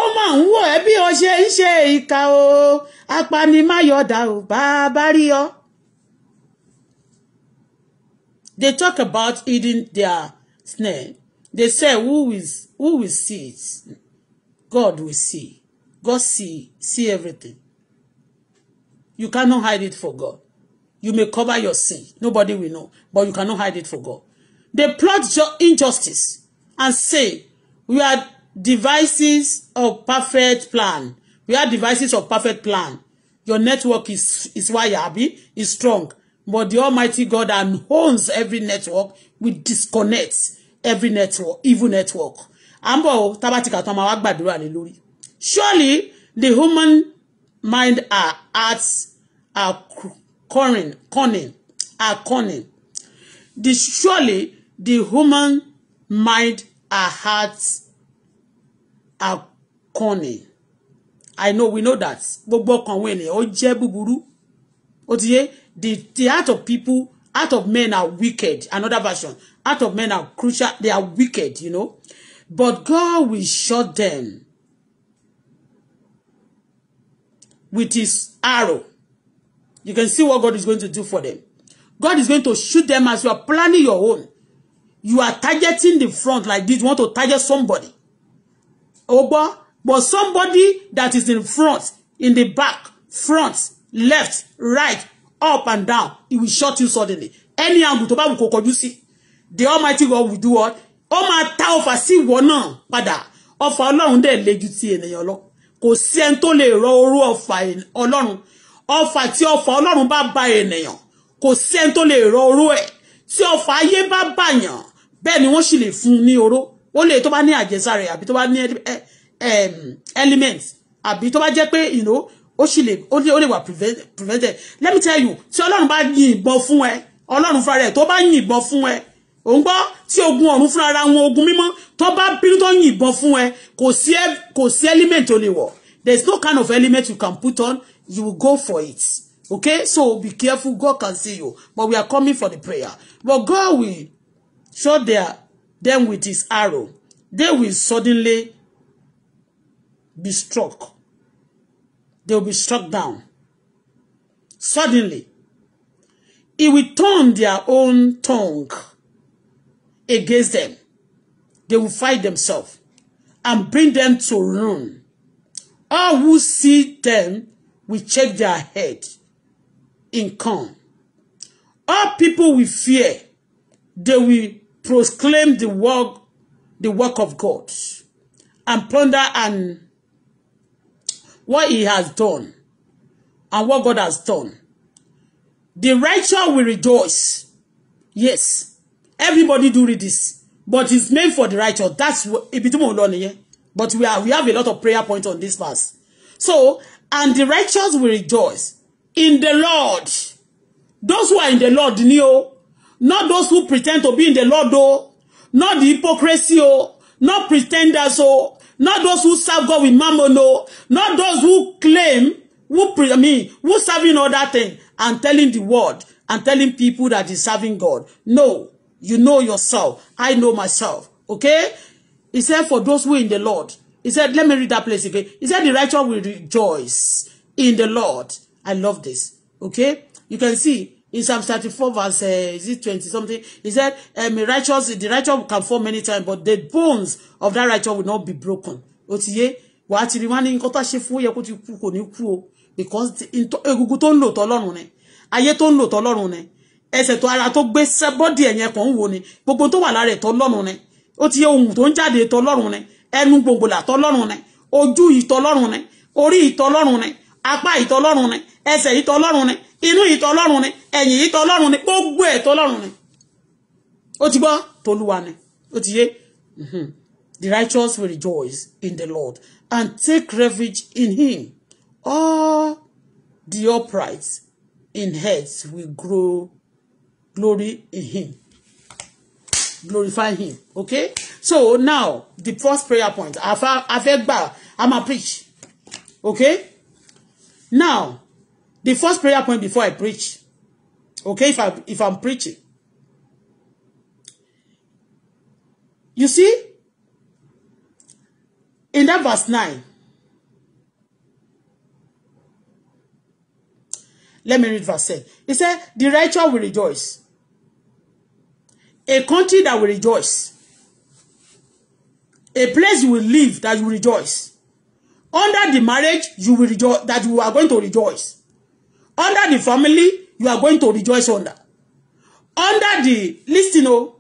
ó máa ń wò ẹ bí ó ṣe ń ṣe ìka o apanimayọ̀dà ò bá a bá rí ọ. They talk about eating their snare. They say, who will who will see it? God will see. God see see everything. You cannot hide it for God. You may cover your sin. Nobody will know. But you cannot hide it from God. They plot injustice and say, we are devices of perfect plan. We are devices of perfect plan. Your network is, is wayabi, is strong. But the Almighty God and owns every network we disconnect every network, evil network. Ambo, tabatika toma wá gbàdúrà Surely the human mind are arts are cunning, cunning, are ah, cunning. The, surely the human mind and hearts are cunning. I know we know that. Gbogbo ọkàn wele. ènìyàn ó jẹ́ búburú. ti yé the the heart of people heart of men are wicked. Another version heart of men are crucial they are wicked you know. But God will shut them with his arrow. You can see what God is going to do for them. God is going to shoot them as you are planning your own. You are targeting the front like this. You want to target somebody. Oba, oh, but somebody that is in front, in the back, front, left, right, up and down, he will shot you suddenly. Any angle tó bá wù kó kọjú The Almighty God will do what? Ó máa ta ọfà sí ìwọ náà padà. Ọfà Ọlọ́run dẹ̀ le ju ti ènìyàn lọ. Kò sí ẹni tó lè rọ orú ọfà Ọlọ́run ọfà tí ọfà ọlọ́run bá ba ènìyàn kò sí ẹni tó lè rọ oró ẹ̀ tí ọfà ayé bá bàyàn bẹ́ẹ̀ ni wọ́n sì lè fún un ní oró ó lè tó bá ní àjẹsára àbí tó bá ní element àbí tó bá jẹ́ pé ìró ó sì lè ó lè wà prevented let me tell you tí ọlọ́run bá yìnbọn fún ẹ ọlọ́run fúnra rẹ̀ tó bá yìnbọn fún ẹ ò ń gbọ́ tí ogun ọ̀run fúnra ara wọn ogun mímọ́ tó bá bínú tó yìnbọn fún ẹ kò sí element tó lè wọ̀ there is no kind of element you can put on you will go for it. Okay, so be careful. God can see you, but we are coming for the prayer. But God will show their them with His arrow. They will suddenly be struck. They will be struck down. Suddenly, he will turn their own tongue against them. They will fight themselves and bring them to ruin. All who see them will check their head come. All people will fear. They will proclaim the work, the work of God and plunder and what he has done and what God has done. The righteous will rejoice. Yes, everybody do read this, but it's meant for the righteous. That's what, but we, are, we have a lot of prayer points on this verse. So, and the righteous will rejoice in the Lord. Those who are in the Lord ni not those who pretend to be in the Lord o, not the hypocrisy oh, not pretenders oh, not those who serve God with mammon o, not those who claim, who pre I mean, who serving all that thing and telling the world and telling people that is serving God. No, you know yourself. I know myself. Okay? He said for those who are in the Lord, He said, let me read that place again. He said, the righteous will rejoice in the Lord. I love this. Okay? You can see in Psalm 34 verse uh, is it 20 something. He said, um, righteous, the righteous can fall many times, but the bones of that righteous will not be broken. Ó ti yé, wàá ti rí wọn ní nǹkan tó ṣe fún yẹ kó because egungun tó ń lò tọ́lọ́run ni ayé tó ń lò tọ́lọ́run ni ẹsẹ̀ tó ara tó gbé bọ́dì ẹ̀yẹn kan ń wo ni gbogbo tó wà lára ẹ̀ tọ́lọ́run ni ó ti yẹ ohun tó ń jáde tọ́lọ́run ni ẹnu gbogbo làtọ́ lọ́rùn ni ojú ìtọ́ lọ́rùn ni orí ìtọ́ lọ́rùn ni apá ìtọ́ lọ́rùn ni ẹsẹ̀ ìtọ́ lọ́rùn ni inú ìtọ́ lọ́rùn ni ẹ̀yìn ìtọ́ lọ́rùn ni gbogbo ẹ̀ tọ́ ni ó ti gbọ́ tolúwa ni ó ti yé mhm. the righteous will rejoice in the Lord and take refuge in him all the upright in heads will grow glory in him glorify him okay so now the first prayer point afa afegba ama preach okay now the first prayer point before I preach okay if I if I'm preaching you see in that verse nine. let me read verse 10 He said the righteous will rejoice A country that will rejoice. A place you will live that you rejoice. Under the marriage, you will rejoice that you are going to rejoice. Under the family, you are going to rejoice under. Under the listen, know,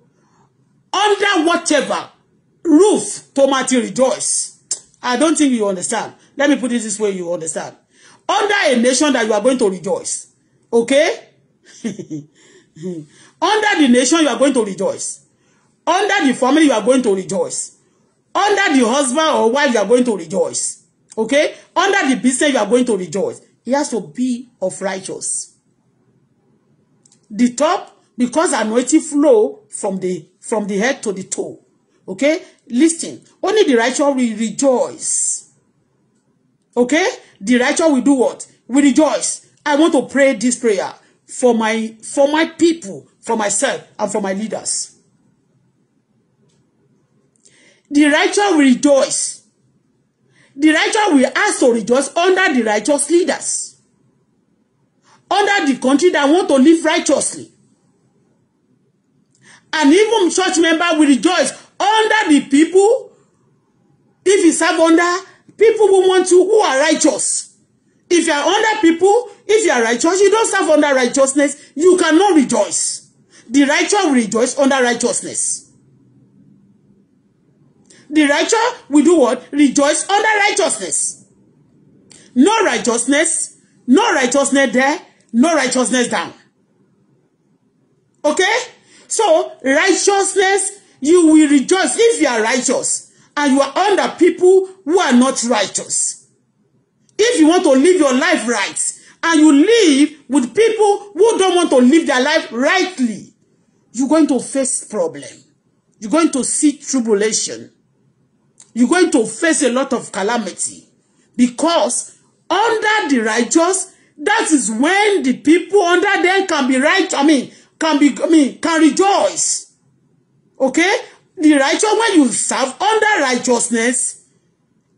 under whatever roof, tomati rejoice. I don't think you understand. Let me put it this way, you understand. Under a nation that you are going to rejoice. Okay? Under the nation, you are going to rejoice. Under the family, you are going to rejoice. Under the husband or wife, you are going to rejoice. Okay? Under the business, you are going to rejoice. He has to be of righteous. The top, because anointing flow from the from the head to the toe. Okay? Listen. Only the righteous will rejoice. Okay? The righteous will do what? We rejoice. I want to pray this prayer for my for my people for myself and for my leaders. The righteous will rejoice. The righteous will also rejoice under the righteous leaders. Under the country that want to live righteously. And even church member will rejoice under the people. If you serve under people who want to who are righteous. If you are under people, if you are righteous, you don't serve under righteousness, you cannot rejoice. The righteous will rejoice under righteousness. The righteous will do what? Rejoice under righteousness. No righteousness, no righteousness there, no righteousness down. Okay? So, righteousness, you will rejoice if you are righteous and you are under people who are not righteous. If you want to live your life right and you live with people who don't want to live their life rightly, you're going to face problem. You're going to see tribulation. You're going to face a lot of calamity. Because under the righteous, that is when the people under them can be right, I mean, can be, I mean, can rejoice. Okay? The righteous, when you serve under righteousness,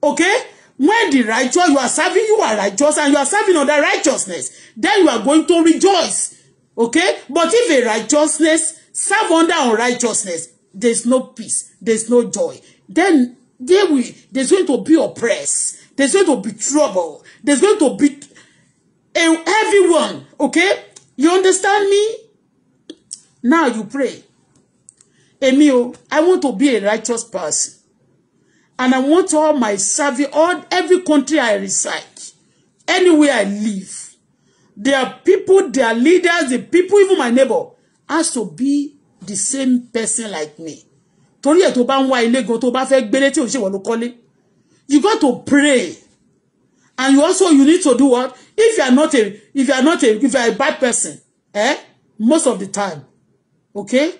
okay? When the righteous, you are serving, you are righteous, and you are serving under righteousness, then you are going to rejoice. Okay? But if a righteousness serve under unrighteousness, there's no peace, there's no joy. Then they will, there's going to be oppressed, there's going to be trouble, there's going to be a everyone, okay? You understand me? Now you pray. Emil, I want to be a righteous person. And I want all my service, all every country I reside, anywhere I live. There are people, there are leaders, the people, even my neighbor has to be the same person like me torí ẹ̀ tó bá ń wá ilé gan tó bá fẹ́ gbélé tí ò ń ṣe wọ́n ló kọ́lé you got to pray and you also you need to do what if you are not a if you are not a if you are a bad person eh most of the time okay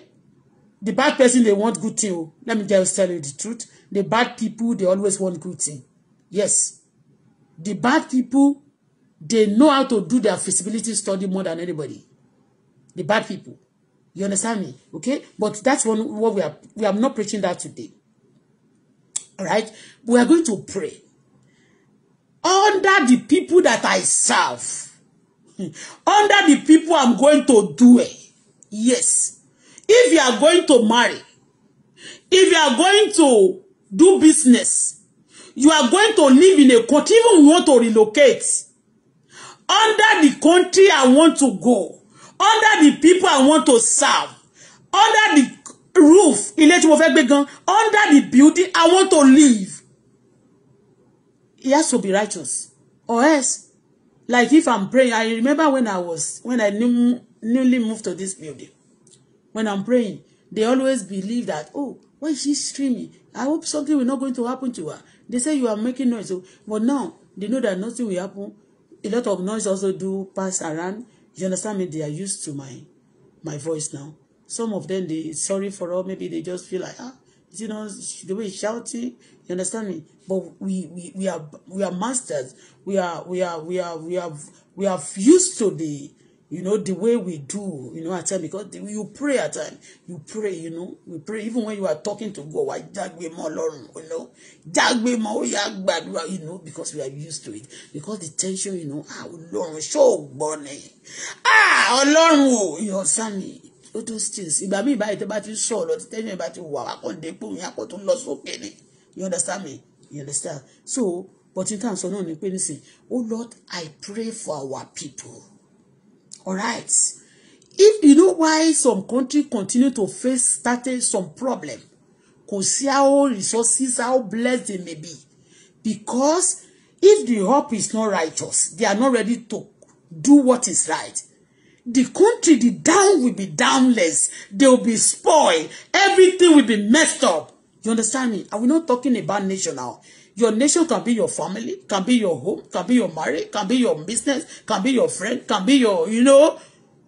the bad person they want good thing o oh. let me just tell you the truth the bad people they always want good thing yes the bad people they know how to do their feasibility study more than anybody the bad people You understand me? Okay? But that's one what we are we are not preaching that today. All right? We are going to pray under the people that I serve. Hmm. Under the people I'm going to do it. Yes. If you are going to marry, if you are going to do business, you are going to live in a country, even you want to relocate. Under the country I want to go under the people I want to serve under the roof ilé tí mo fẹ́ gbé gan under the building I want to live he has to be righteous or else like if I'm praying I remember when I was when I new, newly moved to this building when I'm praying they always believe that oh when she's streaming I hope something will not going to happen to her they say you are making noise Oh, but now they know that nothing will happen a lot of noise also do pass around you understand me they are used to my my voice now some of them they sorry for all maybe they just feel like ah you know the way shouting you understand me but we we we are we are masters we are we are we are we are we are used to the you know the way we do you know at times because you pray at times you pray you know we pray even when you are talking to God wa jagbe mọ́ Ọlọ́run you know jagbe mọ́ ó yá you know because we are used to it because the tension you know ah Ọlọ́run ṣó o gbọ́ ni ah Ọlọ́run o you understand me all those things ìgbà míì báyìí tó bá ti sọ ọ̀rọ̀ tí tension bá ti wà wá kàn dé pé òun yàtọ̀ tó ń lọ ni you understand me you understand so but in terms of náà ni pé nísìnyí oh Lord I pray for our people. All right. If you know why some country continue to face starting some problem, kò sí how resources, how blessed they may be. Because if the hope is not righteous, they are not ready to do what is right. The country, the down will be downless. They will be spoiled. Everything will be messed up. You understand me? Are we not talking about nation now? Your nation can be your family, can be your home, can be your marriage, can be your business, can be your friend, can be your, you know,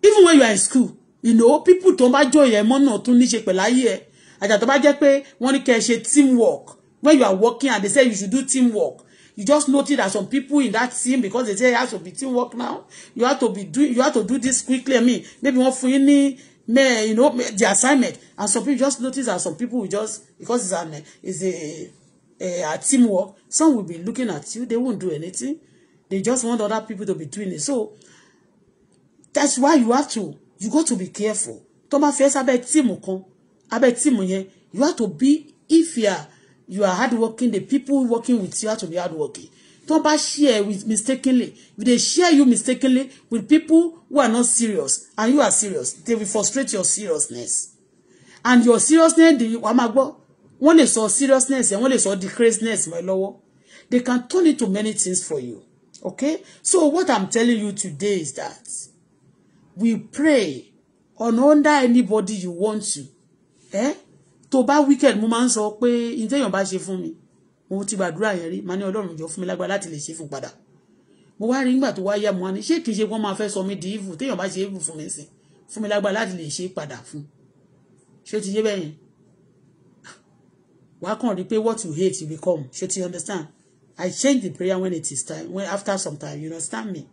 even when you are in school, you know, people don't buy joy. yẹn mọ́ náà tún ní ṣe pẹ̀lú I ẹ̀. Àjà tó bá jẹ́ pé wọ́n ní kẹ́ ẹ teamwork. When you are working and they say you should do teamwork, you just notice that some people in that team because they say you have to be teamwork now. You have to be doing. you have to do this quickly. I mean, maybe one for any may you know the assignment and some people just notice that some people will just because it's an it's a uh, eh, teamwork. Some will be looking at you. They won't do anything. They just want other people to be doing it. So that's why you have to, you got to be careful. Toma first abe sábẹ́ kon, abe abẹ́ ye. you have to be, if you are, you are hardworking, the people working with you have to be hardworking. Toma share with mistakenly, if they share you mistakenly with people who are not serious and you are serious, they will frustrate your seriousness. And your seriousness, the wàá máa wọ́n lè sọ seriousness ẹ̀ wọ́n lè sọ the craziness mọ́ lọ́wọ́ they can turn it to many things for you okay so what i'm telling you today is that we pray on under anybody you want to eh tó bá wicked mo máa ń sọ pé ìtẹ̀yàn bá ṣe fún mi mo ti gbàdúrà yẹn rí màá ní ọlọ́run jọ fún mi lágbára láti lè ṣe fún padà mo wá rí nígbà tó wá yá mo wá ní ṣé kìí ṣe wọ́n máa fẹ́ sọ mí di evil téèyàn bá ṣe evil fún mi sìn fún mi lágbára láti lè ṣe padà fún ṣé ó ti yé bẹ́yẹn wàá kàn rí pé what you hate you become ṣé ti understand I change the prayer when it is time when after some time you understand me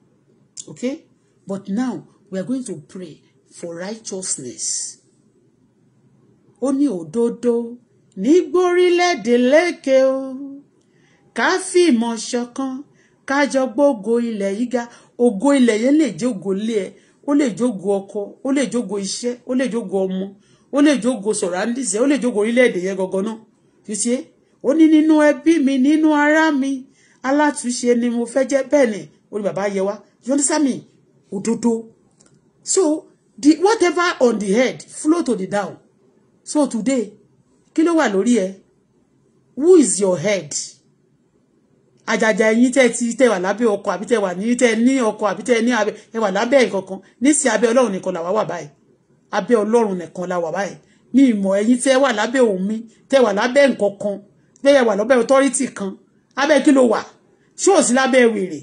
okay but now we are going to pray for righteousness ó ní òdodo ní gbórílẹ̀-èdè o ká fi ìmọ̀ ṣọ̀kan ká jọ gbógo ilẹ̀ yìí ga ògo ilẹ̀ yẹn lè jẹ́ ògo ilé ẹ ó lè jogo ọkọ ó lè jogo iṣẹ́ ó lè jogo ọmọ ó lè jogo surroundings ó lè jogo orílẹ̀-èdè yẹn gangan náà you see ó ní nínú ẹbí mi nínú ará mi alátúnṣe ni mo fẹ́ jẹ́ bẹ́ẹ̀ ni ó ní bàbá yẹ wá you understand me òdodo so the whatever on the head flow to the down so today kí ló wà lórí ẹ who is your head àjàjà ẹ̀yin tẹ́ ti tẹ́ wà lábẹ́ ọkọ àbí tẹ́ wà ní tẹ́ ní ọkọ àbí tẹ́ ní abẹ́ ẹ wà lábẹ́ ìkankan nísì abẹ́ Ọlọ́run nìkan làwa wà báyìí abẹ́ Ọlọ́run nìkan làwa báyìí mi ìmọ̀ ẹ̀yin tẹ́ wà lábẹ́ òun mi tẹ́ wà lábẹ́ nǹkan kan tẹ́ wà lábẹ́ authority kan abẹ́ kí ló wà ṣé ò sí lábẹ́ wèrè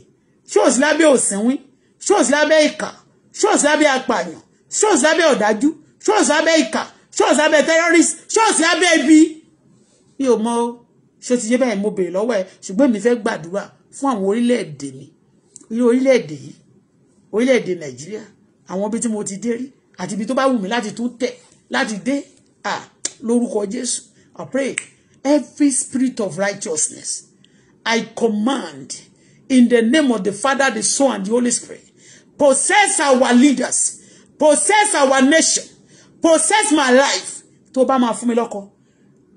ṣé ò sí lábẹ́ òsínwín ṣé ò sí lábẹ́ ìkà ṣé ò sí lábẹ́ apààyàn ṣé ò sí lábẹ́ ọ̀dájú ṣé ò sí lábẹ́ ìkà ṣé ò sí lábẹ́ terrorist ṣé ò sí lábẹ́ ibi mi ò mọ ṣé ti yé báyìí mo béèrè lọ́wọ́ ẹ ṣùgbọ́n mi fẹ́ gbàdúrà fún àwọn orílẹ̀-èdè mi irú orílẹ̀-èdè yìí orílẹ̀-èdè nàìjíríà àwọn ibi tí mo ti dé rí àti ibi tó bá wù mí láti tún tẹ̀ láti dé ah lórúkọ Jésù I pray every spirit of righteousness I command in the name of the Father the Son and the Holy Spirit possess our leaders possess our nation possess my life tó bá máa fún mi lọ́kọ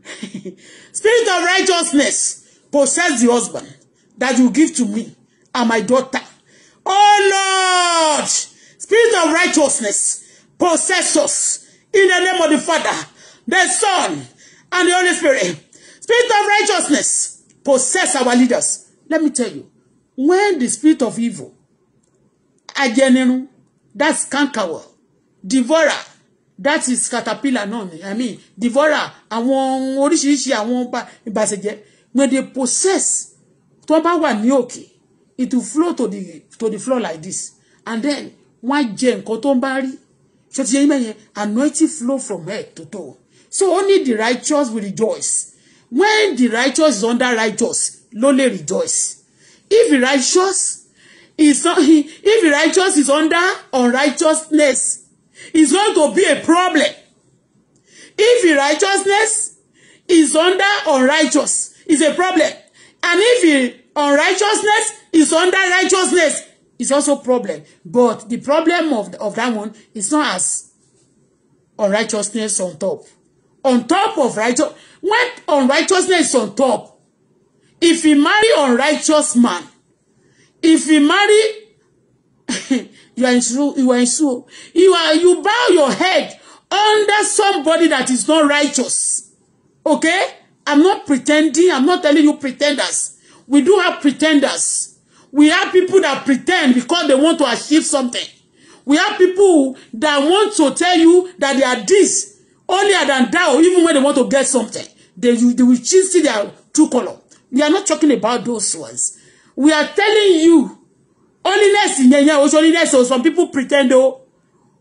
spirit of righteousness possess the husband that you give to me and my daughter oh Lord spirit of righteousness possess us in the name of the Father the Son, and the Holy Spirit. Spirit of righteousness possess our leaders. Let me tell you, when the spirit of evil, ajẹnirun, that's cankerworm, devourer, that is caterpillar náà i mean devourer àwọn oríṣiríṣi àwọn ìbàṣẹ̀jẹ́ when they possess to bá wà ní it will flow to the to the floor like this and then wọ́n á jẹ nǹkan tó ń anointing flow from head to toe so only the righteous will rejoice when the righteous is under righteous ló rejoice if the righteous is if the righteous is under unrighteousness it's going to be a problem if the righteousness is under unrighteous is a problem and if the unrighteousness is under righteousness is also problem but the problem of, of that one is not as unrighteousness on top on top of righteous when unrighteousness is on top if you marry unrighteous man if you marry you are in true you are in true you are you bow your head under somebody that is not righteous okay i'm not pretending i'm not telling you pretenders we do have pretenders we have people that pretend because they want to achieve something we have people that want to tell you that they are this Earlier than that, or even when they want to get something, they, they will choose their true color. We are not talking about those ones. We are telling you, holiness in Kenya, holiness, so some people pretend, oh,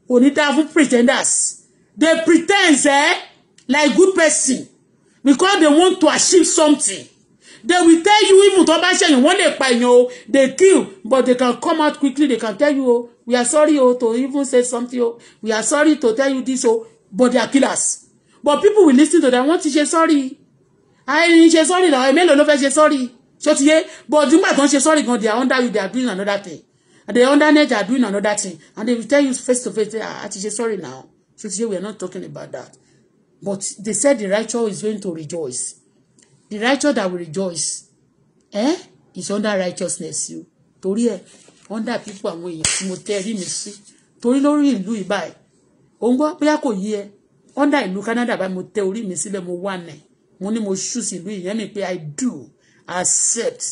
only pretenders. They pretend, eh, like good person, because they want to achieve something. They will tell you even to bá ṣẹ̀yìn wọ́n lè pa èèyàn oh. they kill but they can come out quickly they can tell you oh, we are sorry oh to even say something oh, we are sorry to tell you this oh but they are killers but people will listen to them wọ́n ti ṣe sọ́rí àìní ṣe sọ́rí làwọn mélòó ló fẹ́ ṣe sọ́rí ṣó ti yé but nígbà tó ń ṣe sọ́rí gan they are under you they are doing another thing and they under They are doing another thing and they will tell you face to face ah àti ṣe sọ́rí now ṣó ti yé we are not talking about that but they said the righteous is going to rejoice the righteous that will rejoice eh is under righteousness you torí ẹ under people àwọn èèyàn tí mo tẹ rí mi sí torí lórí ìlú ìbáyìí òun gbọ́ bóyá kò yí ẹ under ìlú Canada báyìí mo tẹ orí mi sílẹ̀ mo wà nẹ̀ mo ní mo ṣú sí ìlú ìyẹn mi pé I do accept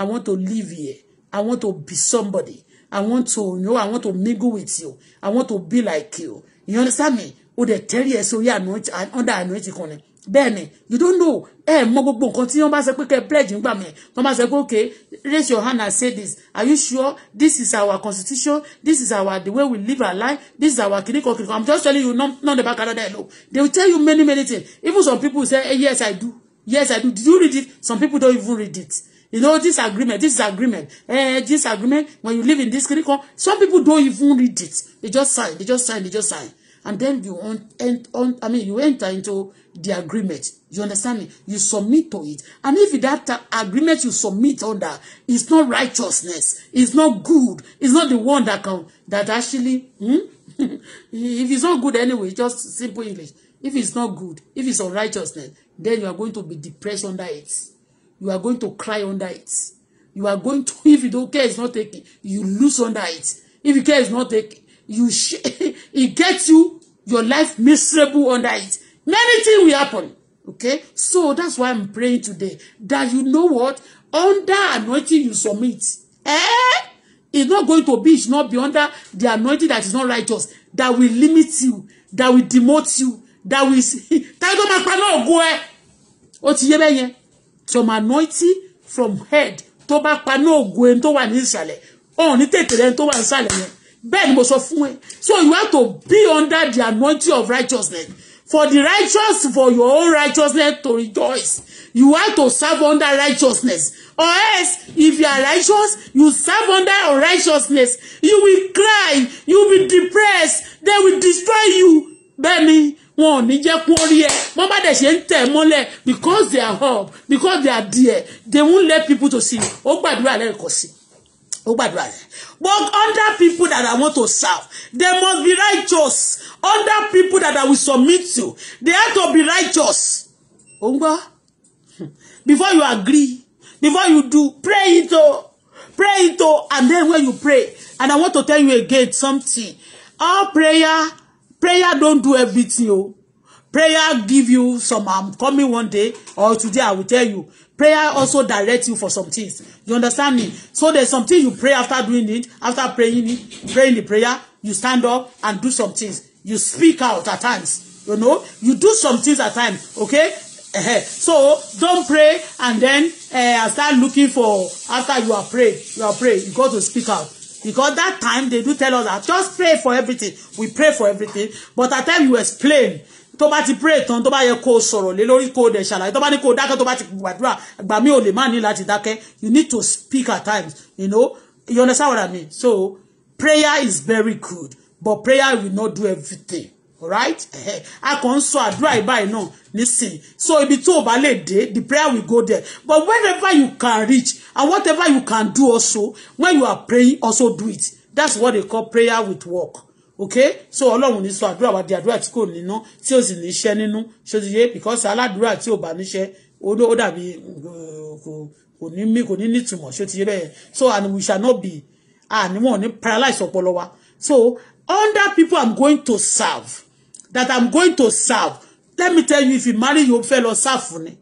I want to live here I want to be somebody I want to you know I want to mingle with you I want to be like you you understand me o dẹ̀ tẹ́rí ẹ sórí àná under anointing kan ni bẹ́ẹ̀ you don't know ẹ mọ gbogbo nǹkan tí wọ́n bá sọ pé kẹ́ pledge nígbà mi wọ́n bá sọ pé okay raise your hand and say this are you sure this is our constitution this is our the way we live our life this is our kìnnìkan kìnnìkan i'm just telling you none none the back another No, they will tell you many many things even some people say hey, eh, yes i do yes i do did you read it some people don't even read it you know this agreement this agreement eh this agreement when you live in this kìnnìkan some people don't even read it they just sign they just sign they just sign and then you on, end, on, I mean you enter into the agreement. You understand me? You submit to it, and if that agreement you submit under is not righteousness, it's not good, it's not the one that can that actually. Hmm? if it's not good anyway, just simple English. If it's not good, if it's unrighteousness, then you are going to be depressed under it. You are going to cry under it. You are going to, if you don't care, it's not taking. You lose under it. If you care, it's not taking you it gets you your life miserable under it many things will happen okay so that's why i'm praying today that you know what under anointing you submit eh it's not going to be it's not be under the anointing that is not righteous that will limit you that will demote you that will tàbí tó máa pa náà ògo ẹ eh? ó ti yé some anointing from head tó bá pa náà ògo ẹni tó wà ní ìsàlẹ̀ ọ̀hún ní tètè bẹ́ẹ̀ ni mo sọ fún ẹ so you have to be under the anointing of righteousness for the righteous for your own righteousness to rejoice you have to serve under righteousness or else if you are righteous you serve under unrighteousness you will cry you will be depressed they will destroy you bẹ́ẹ̀ni wọn ò ní jẹ́ kó rí ẹ wọ́n bá dẹ̀ ṣe ń tẹ̀ mọ́lẹ̀ because they are up because they are there they won't let people to see ó gbàdúrà lẹ́ẹ̀kọ́ sí i ó gbàdúrà yẹn but under people that I want to serve they must be righteous under people that I will submit to they have to be righteous ó ń gbọ́ before you agree before you do pray it into pray it into and then when you pray and I want to tell you again something all prayer prayer don't do everything o prayer give you some I'm coming one day or today I will tell you prayer also directs you for some things you understand me so there's something you pray after doing it after praying it praying the prayer you stand up and do some things you speak out at times you know you do some things at times okay uh-huh. so don't pray and then uh, start looking for after you are pray you are pray you go to speak out because that time they do tell us that just pray for everything we pray for everything but at times you explain tó bá ti pray tán tó bá yẹ kó sọ̀rọ̀ lé lórí kó dẹ̀ ṣàlàyé tó bá ní kó dákẹ́ tó bá ti gbàdúrà gbà mí ò lè má ní láti dákẹ́ you need to speak at times you know you understand what I mean so prayer is very good but prayer will not do everything alright a kàn ń sọ àdúrà ìbáyìí náà nísìnyí so ibi tó o bá lè dé the prayer will go there but wherever you can reach and whatever you can do also when you are praying also do it that's what they call prayer with work okay so ọlọ́run ní sọ àdúrà wa di àdúrà tí kò níná tí ó sì ní iṣẹ́ nínú ṣé ti yé because aládùúrà tí ò bá níṣẹ́ ó dàbí kò ní mí kò ní nítumọ̀ ṣé ti yé bẹ́ẹ̀ so and we shall not be àníwọ̀n ní paralyze ọpọlọ wa so under people i'm going to serve that i'm going to serve let me tell you if you marry you fẹ́ lọ serve fún ni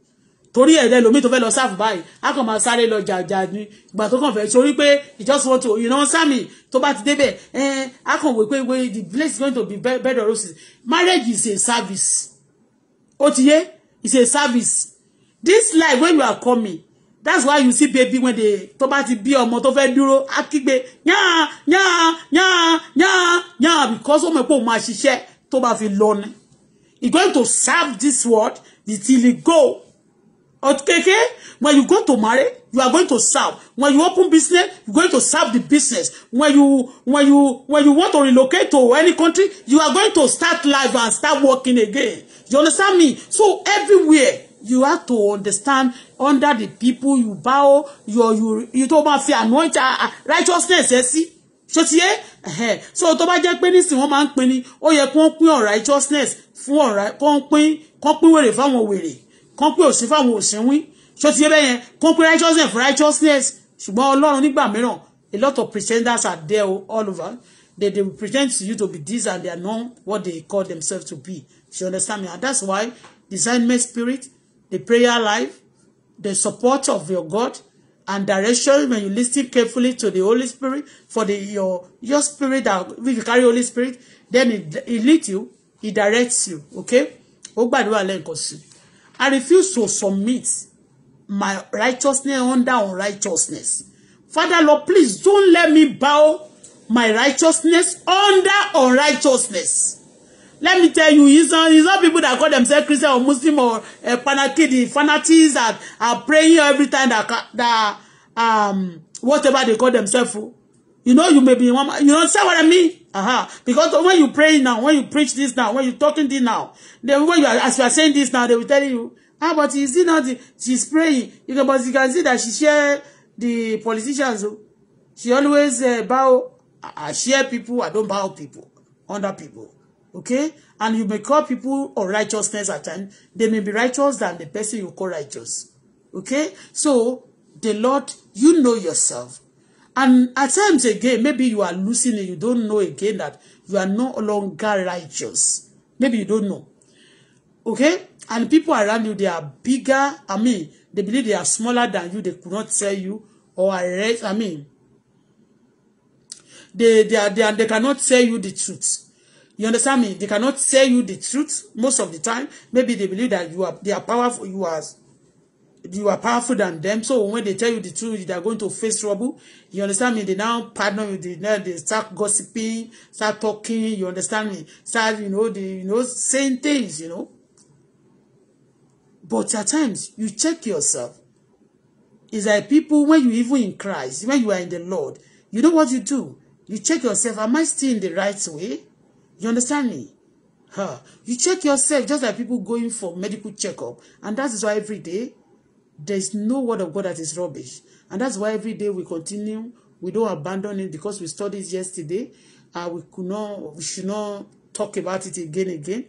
torí ẹ̀ lẹ́lòmíì tó fẹ́ lọ sáàfù báyìí á kàn máa sáré lọ jàjà ni ìgbà tó kàn fẹ́ torí pé ìjọsìn wọn tó ìran sami tó bá ti débẹ̀ ẹ̀ẹ́n á kàn wò pé the place is going to be bed of roses marriage is a service ó ti yé is a service this life when you are coming that's why you see baby when they tó bá ti bí ọmọ tó fẹ́ dúró á kígbe yán yán yán yán yán because ó mọ̀ pé òun máa ṣiṣẹ́ tó bá fi lọ ni he going to serve this world until he go. Okay, when you go to marry, you are going to serve. When you open business, you're going to serve the business. When you when you when you want to relocate to any country, you are going to start life and start working again. You understand me? So everywhere you have to understand under the people you bow your you you tó bá fear anoint ah, ah, righteousness ẹ eh, sí ṣé ti yẹ so tó bá jẹ́ pé nísìnyí wọ́n máa ń pin ni ó yẹ kó ń pín righteousness fún ọ̀rọ̀ kó ń pín kó ń pín wèrè fáwọn kán pé òsín fáwọn òsín wí ṣó ti yé bẹ́ẹ̀ yẹn righteousness for righteousness ṣùgbọ́n ọlọ́run nígbà mìíràn a lot of pretenders are there oh, all over they they pretend to you to be this and they are not what they call themselves to be you understand me and that's why discernment spirit the prayer life the support of your God and direction when you listen carefully to the Holy Spirit for the your your spirit that if you carry Holy Spirit then it, it leads you it directs you okay ó gbàdúrà lẹ́ǹkan sí i. I refuse to submit my righteousness under unrighteousness. Father Lord, please don't let me bow my righteousness under unrighteousness. Let me tell you, it's not, it's not people that call themselves Christian or Muslim or uh, fanatic, fanatics that are praying every time that, that um, whatever they call themselves. Oh. You know, you may be one. You understand what I mean? Aha. Uh-huh. Because when you pray now, when you preach this now, when you talking this now, then when you are, as you are saying this now, they will tell you, ah, but you see now, the, she's praying. You can, but you can see that she share the politicians. Oh. She always uh, bow. I share people. I don't bow people. Under people. Okay? And you may call people or righteousness at times. They may be righteous than the person you call righteous. Okay? So, the Lord, you know yourself. And at times again, maybe you are losing it. you don't know again that you are no longer righteous. Maybe you don't know. Okay? And people around you, they are bigger. I mean, they believe they are smaller than you. They could not tell you or arrest. I mean, they, they, are, they, are, they cannot tell you the truth. You understand me? They cannot tell you the truth most of the time. Maybe they believe that you are they are powerful, you are you are powerful than them. So when they tell you the truth, they are going to face trouble. You understand me? They now partner with the now they start gossiping, start talking. You understand me? Start, you know, the you know, saying things, you know. But at times, you check yourself. It's like people, when you even in Christ, when you are in the Lord, you know what you do? You check yourself. Am I still in the right way? You understand me? Huh. You check yourself, just like people going for medical checkup. And that is why every day, There is no word of God that is rubbish. And that's why every day we continue. We don't abandon it because we studied yesterday. Uh, we could not, we should not talk about it again, again.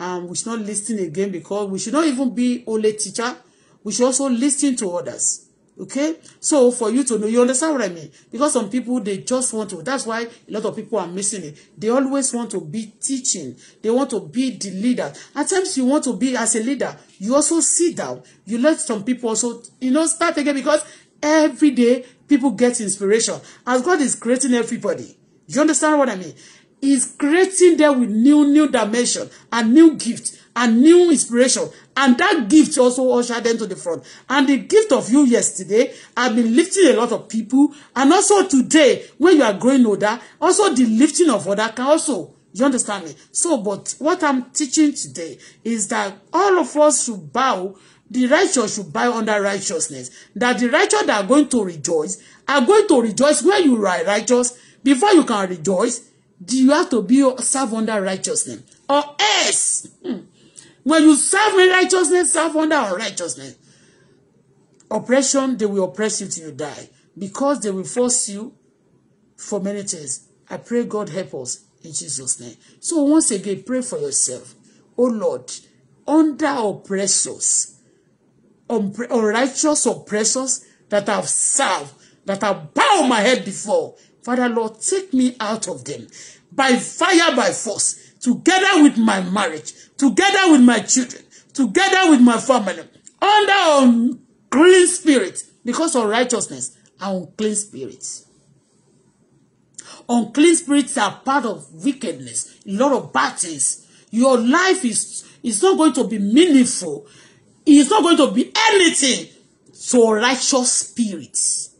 Um, we should not listen again because we should not even be only teacher. We should also listen to others okay so for you to know you understand what i mean because some people they just want to that's why a lot of people are missing it they always want to be teaching they want to be the leader at times you want to be as a leader you also sit down you let some people also you know start again because every day people get inspiration as god is creating everybody you understand what i mean he's creating them with new new dimension and new gift and new inspiration And that gift also ushered them to the front. And the gift of you yesterday have been lifting a lot of people. And also today, when you are growing older, also the lifting of other can also you understand me? So, but what I'm teaching today is that all of us should bow, the righteous should bow under righteousness. That the righteous that are going to rejoice are going to rejoice when you are righteous. Before you can rejoice, you have to be serve under righteousness. Or else, hmm, When you serve in righteousness, serve under unrighteousness. Oppression, they will oppress you till you die because they will force you for many things. I pray God help us in Jesus' name. So once again, pray for yourself. Oh Lord, under oppressors, unrighteous oppressors that have served, that have bowed my head before, Father Lord, take me out of them by fire, by force, together with my marriage, together with my children, together with my family, under unclean spirit because of righteousness and unclean spirits. Unclean spirits are part of wickedness, a lot of bad things. Your life is, is not going to be meaningful. It's not going to be anything to righteous spirits.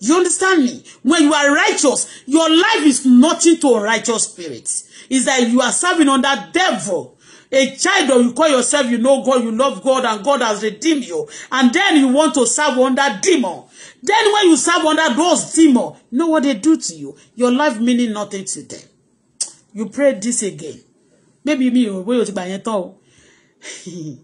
You understand me? When you are righteous, your life is nothing to righteous spirits. It's that like you are serving under devil a child or you call yourself you know God you love God and God has redeemed you and then you want to serve under demon then when you serve under those demon you know what they do to you your life meaning nothing to them you pray this again maybe me oh, you wey o ti gbà yẹn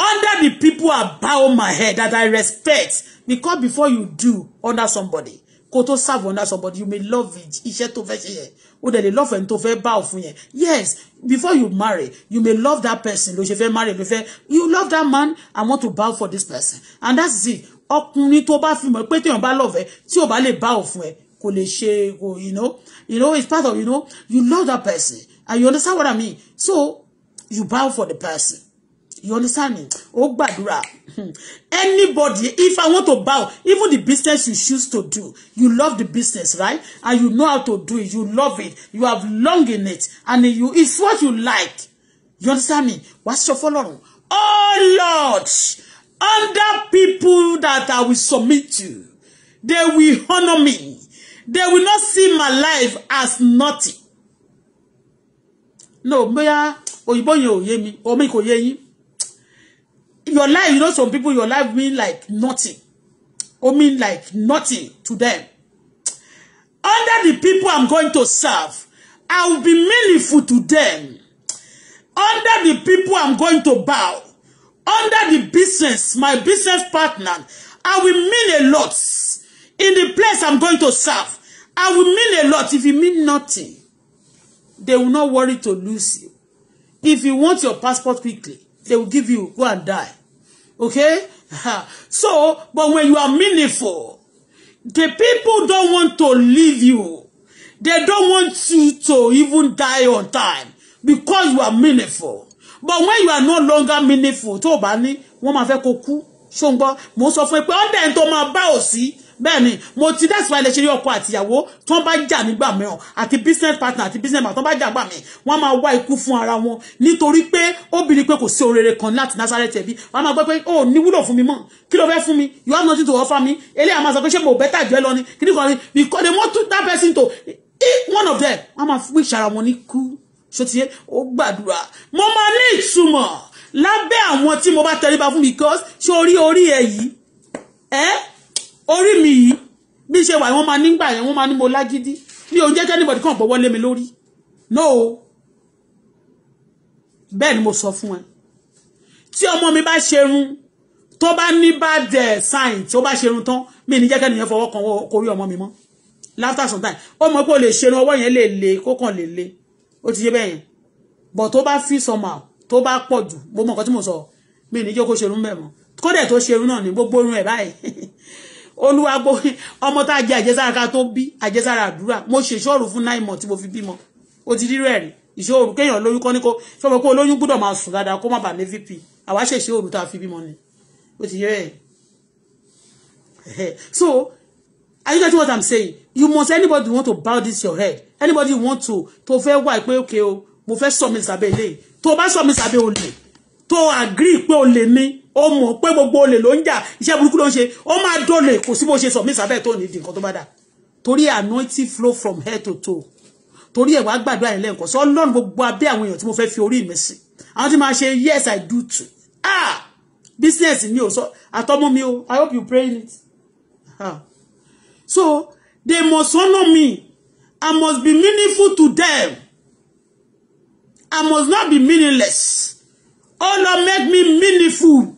under the people above my head that I respect because before you do under somebody kó tó serve under somebody you may love it iṣẹ́ tó fẹ́ ṣe yẹn ó dẹ̀ love ẹni tó fẹ́ bá ò fún yes before you marry you may love that person ló ṣe fẹ́ marry ló fẹ́ you love that man I want to bow for this person and that's it ọkùnrin tó bá fi mọ̀ pé téèyàn bá love ẹ tí ò bá lè bá ò fún ẹ kò lè ṣe you know you know it's part of you know you love that person and you understand what I mean so you bow for the person you understand me O gbàdúrà anybody if i want to bow even the business you choose to do you love the business right and you know how to do it you love it you have long in it and you it's what you like you understand me What's your fọ́lọ́run oh lord under people that i will submit to they will honor me they will not see my life as nothing no bóyá òyìnbó yẹn ò yé mi omi ko yé yín your life you know some people your life mean like nothing or mean like nothing to them under the people i'm going to serve i will be meaningful to them under the people i'm going to bow under the business my business partner i will mean a lot in the place i'm going to serve i will mean a lot if you mean nothing they will not worry to lose you if you want your passport quickly they will give you go and die Okay? so, but when you are meaningful, the people don't want to leave you. They don't want you to even die on time because you are meaningful. But when you are no longer meaningful, tó o bá ní, fẹ́ kó kú. Ṣó ń gbọ́, mo sọ fún ẹ pé ọ́n dẹ̀ ń tó máa bá òsì bẹ́ẹ̀ ni mo ti that's why lè ṣe rí ọkọ àtìyàwó tó ń bá jà nígbà mìíràn àti business partner àti business partner tó ń bá jà gbà mí wọ́n máa wá ikú fún ara wọn nítorí pé obìnrin pé kò sí orere kan láti Nazareth ẹbí wọ́n máa gbọ́ pé ó oh, ní wúlò fún mi mọ́ kí ló fẹ́ fún mi you have nothing to offer me eléyà máa sọ pé ṣé mo bẹ́tà jẹ́ lọ ni kí ni kò ní because they want that person to one of them wọ́n máa fún ìṣara wọn ní kú ṣòtìyẹ ó gbàdúrà mo máa ní ìtumọ̀ lábẹ́ àwọn tí mo bá tẹríba fún because ṣé orí orí ẹ yìí ẹ́ orí mi yìí bí ṣe wà wọ́n máa nígbà yẹn wọ́n máa ní mo lágídí mi ò ń jẹ́ kí anybody kàn gbọ́wọ́ lé mi lórí no bẹ́ẹ̀ ni mo sọ fún ẹ tí ọmọ mi bá ṣerun tó bá ní bad eh, sign tí ó bá ṣerun tán mi ní jẹ́ kí ẹnìyẹn fọwọ́ kan orí ọmọ mi mọ́ láfta sometime ó mọ̀ pé o lè ṣerun ọwọ́ yẹn lè le kó kàn lè le ó ti ṣe bẹ́ẹ̀ yẹn bọ̀ tó bá fi sọmọ tó bá pọ̀ jù mo mọ̀ nǹkan tí mo sọ mi ní jẹ́ kó ṣerun bẹ́ẹ̀ mọ́ kódẹ̀ tó ṣerun náà ní gbogbo orun ẹ̀ báyìí olúwa ọmọ tá a jẹ àjẹsára ká tó bí àjẹsára àdúrà mo ṣe ìṣòro fún nine months tí mo fi bímọ o ti rírọ ẹ̀rí ìṣòro kéèyàn lóyún ní kó fẹ́ pé olóyún gbọ́dọ̀ máa sùn dáadáa kó má bàa ní vp àwa ṣe ìṣòro tá a fi bímọ ni o ti yẹ ẹ so are you getting what i'm saying you must anybody want to bow this your head anybody want to to fẹ́ wá pé okay o mo fẹ́ sọ mi sàbẹ̀ ilé tó o bá sọ mi sàbẹ̀ olè tó agree pé o lè mi ó mọ̀ pé gbogbo olè ló ń jà iṣẹ́ burúkú ló ń ṣe ó máa dólè kò sí bó ṣe sọ mí sábẹ́ tó nídìí nǹkan tó bá dà torí anointing flow from head to toe torí ẹ̀ wá gbàdúrà yẹn lẹ́ǹkan sọ ọlọ́run gbogbo abẹ́ àwọn èèyàn tí mo fẹ́ fi orí mi sí àwọn tí máa ṣe yes i do too ah business mi ò sọ àtọ́mú mi o i hope you pray it ah. so they must honour me i must be meaningful to them i must not be meaningless. Oh Lord, make me meaningful.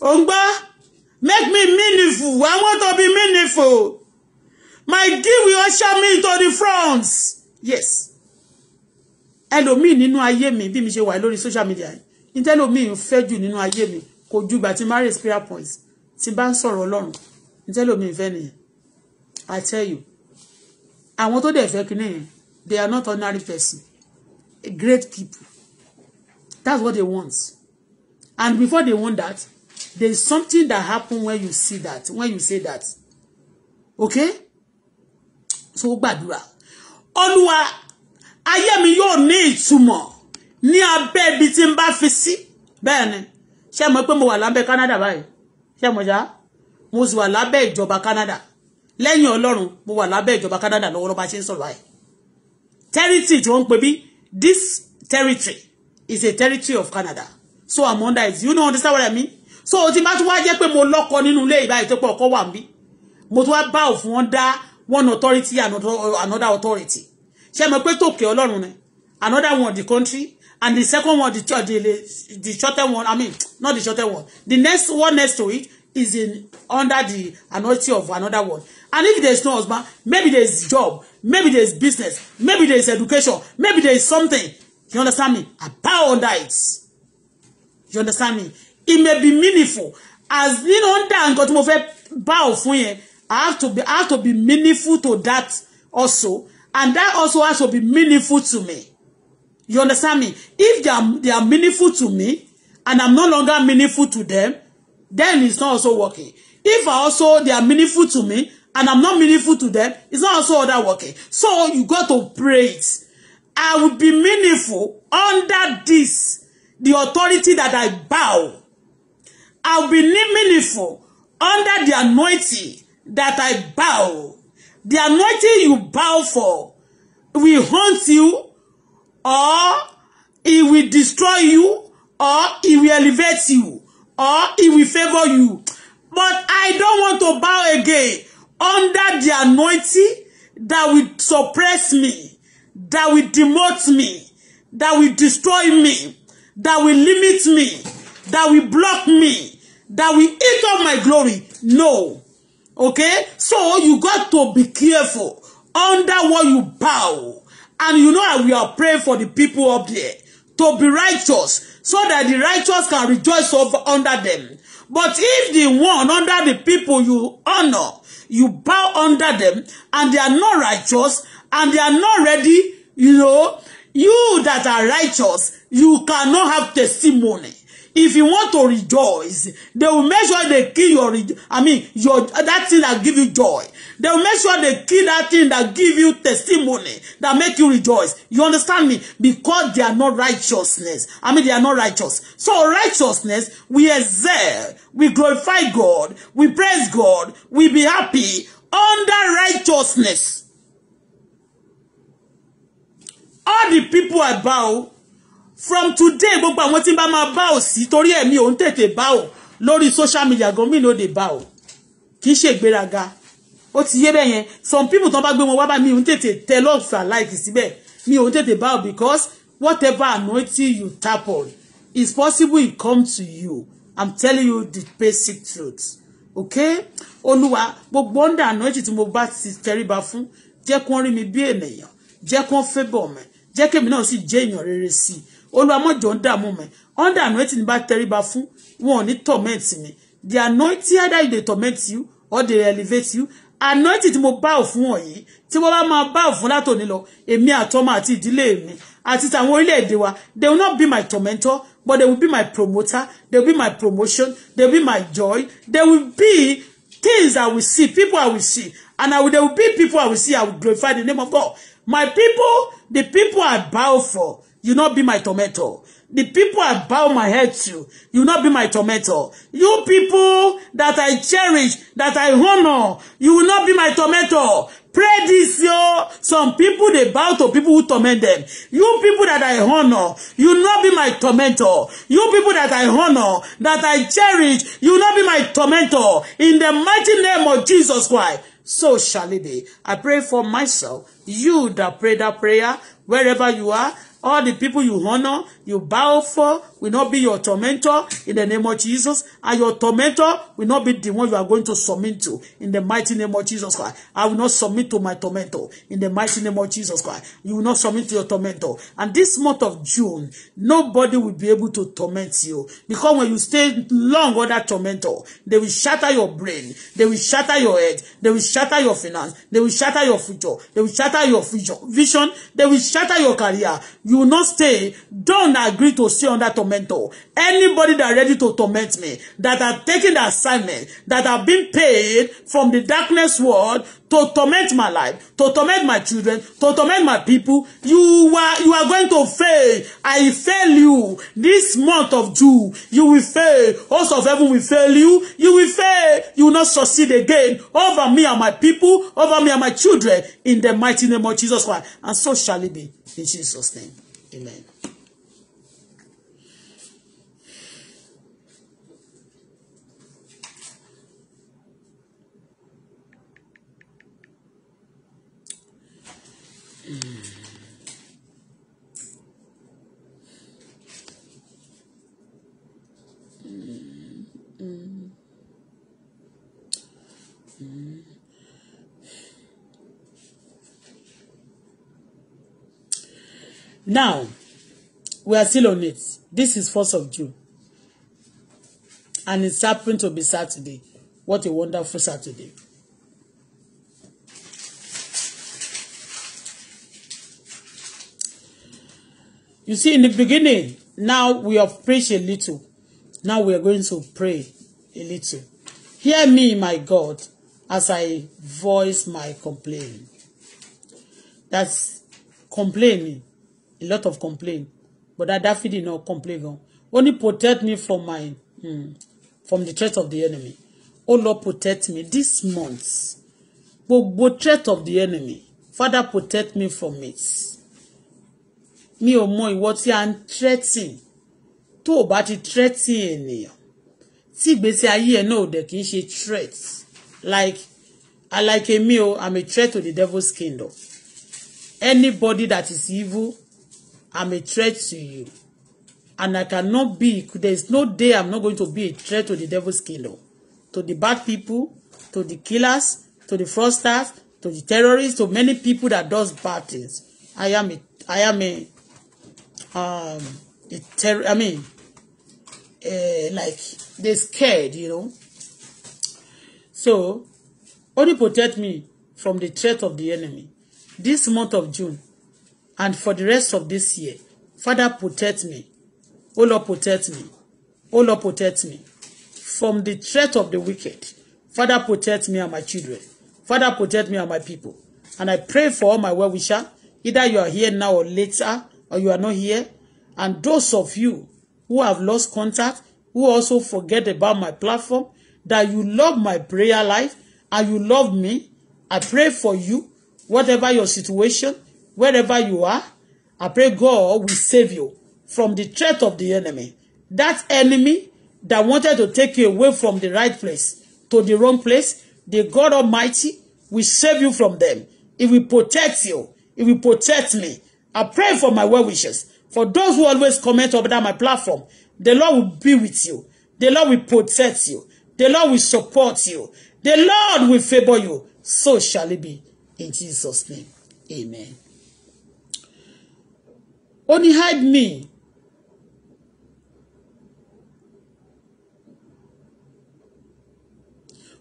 Ongba, make me meaningful. I want to be meaningful. My gift will usher me to the front. Yes. Ẹlòmíì nínú ayé mi bí mi ṣe wà lórí social media yìí. Ntẹ́lòmíì ń fẹ́ jù nínú ayé mi kò ju ìgbà tí marry prayer points tí bá ń sọ̀rọ̀ Ọlọ́run. Ntẹ́lòmíì fẹ́ nìyẹn. I tell you. Àwọn tó dẹ̀ fẹ́ kí nìyẹn they are not ordinary person. A great people. That's what they want. And before they want that, there's something that happen when you see that, when you say that. Okay? So bad, Olúwa, ayé I am ní ìtumọ̀ ní abẹ́ ibi tí n bá fi sí. ni, ṣé mo pé mo wà lábẹ́ Canada báyìí? Ṣé mo já? Mo sì wà lábẹ́ Canada. Lẹ́yìn Ọlọ́run, mo wà lábẹ́ ìjọba Canada lọ́wọ́lọ́ba ṣe ń sọ̀rọ̀ báyìí. Territory tí wọ́n ń this territory is a territory of Canada so I'm under it you know understand what I mean so tí má tún wá jẹ́ pé mo lọ́kọ nínú ilé ìbáyìí tó pọ̀ ọkọ wà ń bí mo tún wá bá òfin wọn dá one authority another another authority ṣe mọ̀ pé tòkè ọlọ́run ni another one the country and the second one the, the, the shorter one I mean not the shorter one the next one next to it is in under the authority of another one and if there is no husband maybe there is job maybe there is business maybe there is education maybe there is something You understand me? I About that. You understand me? It may be meaningful. As you know, that nǹkan tí mo fẹ́ bow for you. I have to be I have to be meaningful to that also. And that also has to be meaningful to me. You understand me? If they are they are meaningful to me and I'm no longer meaningful to them, then it's not also working. If I also they are meaningful to me and I'm not meaningful to them, it's not also other working. So you got to pray it. I will be meaningful under this, the authority that I bow. I will be meaningful under the anointing that I bow. The anointing you bow for will haunt you or it will destroy you or it will elevate you or it will favor you. But I don't want to bow again under the anointing that will suppress me that will demote me, that will destroy me, that will limit me, that will block me, that will eat up my glory. No. Okay? So you got to be careful under what you bow. And you know we are praying for the people up there to be righteous so that the righteous can rejoice over under them. But if the one under the people you honor, you bow under them and they are not righteous and they are not ready You know, you that are righteous, you cannot have testimony. If you want to rejoice, they will make sure they kill your, I mean, your that thing that give you joy. They will make sure they kill that thing that give you testimony, that make you rejoice. You understand me? Because they are not righteousness. I mean, they are not righteous. So righteousness, we excel, we glorify God, we praise God, we be happy under righteousness all the people I bow from today gbogbo àwọn tí n bá máa bow sí torí ẹ̀mí òun tètè bow lórí social media gan mi no dey bow kì í ṣe ìgbéraga ó ti yé bẹ́yẹn some people tán bá gbé wọn wá bá mi òun tètè tẹ love and like síbẹ̀ mi òun tètè bow because whatever anointing you tap on is possible it come to you I'm telling you the basic truth okay olúwa gbogbo under anointing tí mo bá ti tẹríba fún jẹ́ kí wọ́n rí mi bí ènìyàn jẹ́ kí wọ́n favour mi jẹ́ kémi náà sì jẹ́ èèyàn rere sí i olùwàmọ̀jọ̀ ń dààmú mi under anointing bá tẹríba fún wọn ò ní torment mi the anointing either they torment you or they elevate you anointing tí mo bá òfun wọ̀nyí tí wọ́n bá máa bá òfun látòní lọ èmi àtọmọ àti ìdílé mi àti tàwọn orílẹ̀-èdè wa they will not be my tormentor but they will be my promoter they will be my promotion they will be my joy they will be things I will see people I will see and I will, there will be people I will see I will glorify the name of God My people, the people I bow for, you not be my tormentor. The people I bow my head to, you not be my tormentor. You people that I cherish, that I honor, you will not be my tormentor. Pray this yo. Some people, they bow to people who torment them. You people that I honor, you not be my tormentor. You people that I honor, that I cherish, you not be my tormentor. In the mighty name of Jesus Christ so shall it be. I pray for myself, you that pray that prayer, wherever you are, all the people you honor, you bow for, will not be your tormentor in the name of Jesus. And your tormentor will not be the one you are going to submit to in the mighty name of Jesus Christ. I will not submit to my tormentor in the mighty name of Jesus Christ. You will not submit to your tormentor. And this month of June, nobody will be able to torment you. Because when you stay long under tormentor, they will shatter your brain. They will shatter your head. They will shatter your finance. They will shatter your future. They will shatter your vision. They will shatter your career. You will not stay. Don't agree to stay under tormentor tormentor. Anybody that ready to torment me, that are taking the assignment, that have been paid from the darkness world to torment my life, to torment my children, to torment my people, you are, you are going to fail. I fail you. This month of June, you will fail. Host of heaven will fail you. You will fail. You will not succeed again over me and my people, over me and my children, in the mighty name of Jesus Christ. And so shall it be. In Jesus' name. Amen. now we are still on it this is first of June and it's happening to be Saturday what a wonderful Saturday. You see, in the beginning, now we have preached a little. Now we are going to pray a little. Hear me, my God, as I voice my complaint. That's complaining a lot of complain bọ̀dá dáfídì no complain gan only protect me from my um, from the threat of the enemy ó oh lọ protect me this month gbogbo threat of the enemy father protect me from it mi ò mọ ìwọ tí a ń threaten tó o bá ti threaten ènìyàn tí ìgbésí ayé ẹ náà ò dẹ̀ kì threat like I like emi o I'm a threat to the devil's kingdom anybody that is evil I'm a threat to you. And I cannot be, there's no day I'm not going to be a threat to the devil's kingdom, to the bad people, to the killers, to the fraudsters, to the terrorists, to many people that does bad things. I am a, I am a, um, a terror, I mean, uh, like, they're scared, you know. So, only protect me from the threat of the enemy. This month of June, and for the rest of this year father protect me o lord protect me o lord protect me from the threat of the wicked father protect me and my children father protect me and my people and i pray for all my well wishers either you are here now or later or you are not here and those of you who have lost contact who also forget about my platform that you love my prayer life and you love me i pray for you whatever your situation wherever you are, I pray God will save you from the threat of the enemy. That enemy that wanted to take you away from the right place to the wrong place, the God Almighty will save you from them. He will protect you. He will protect me. I pray for my well wishes. For those who always comment about my platform, the Lord will be with you. The Lord will protect you. The Lord will support you. The Lord will favor you. So shall it be. In Jesus' name. Amen ó ní hide me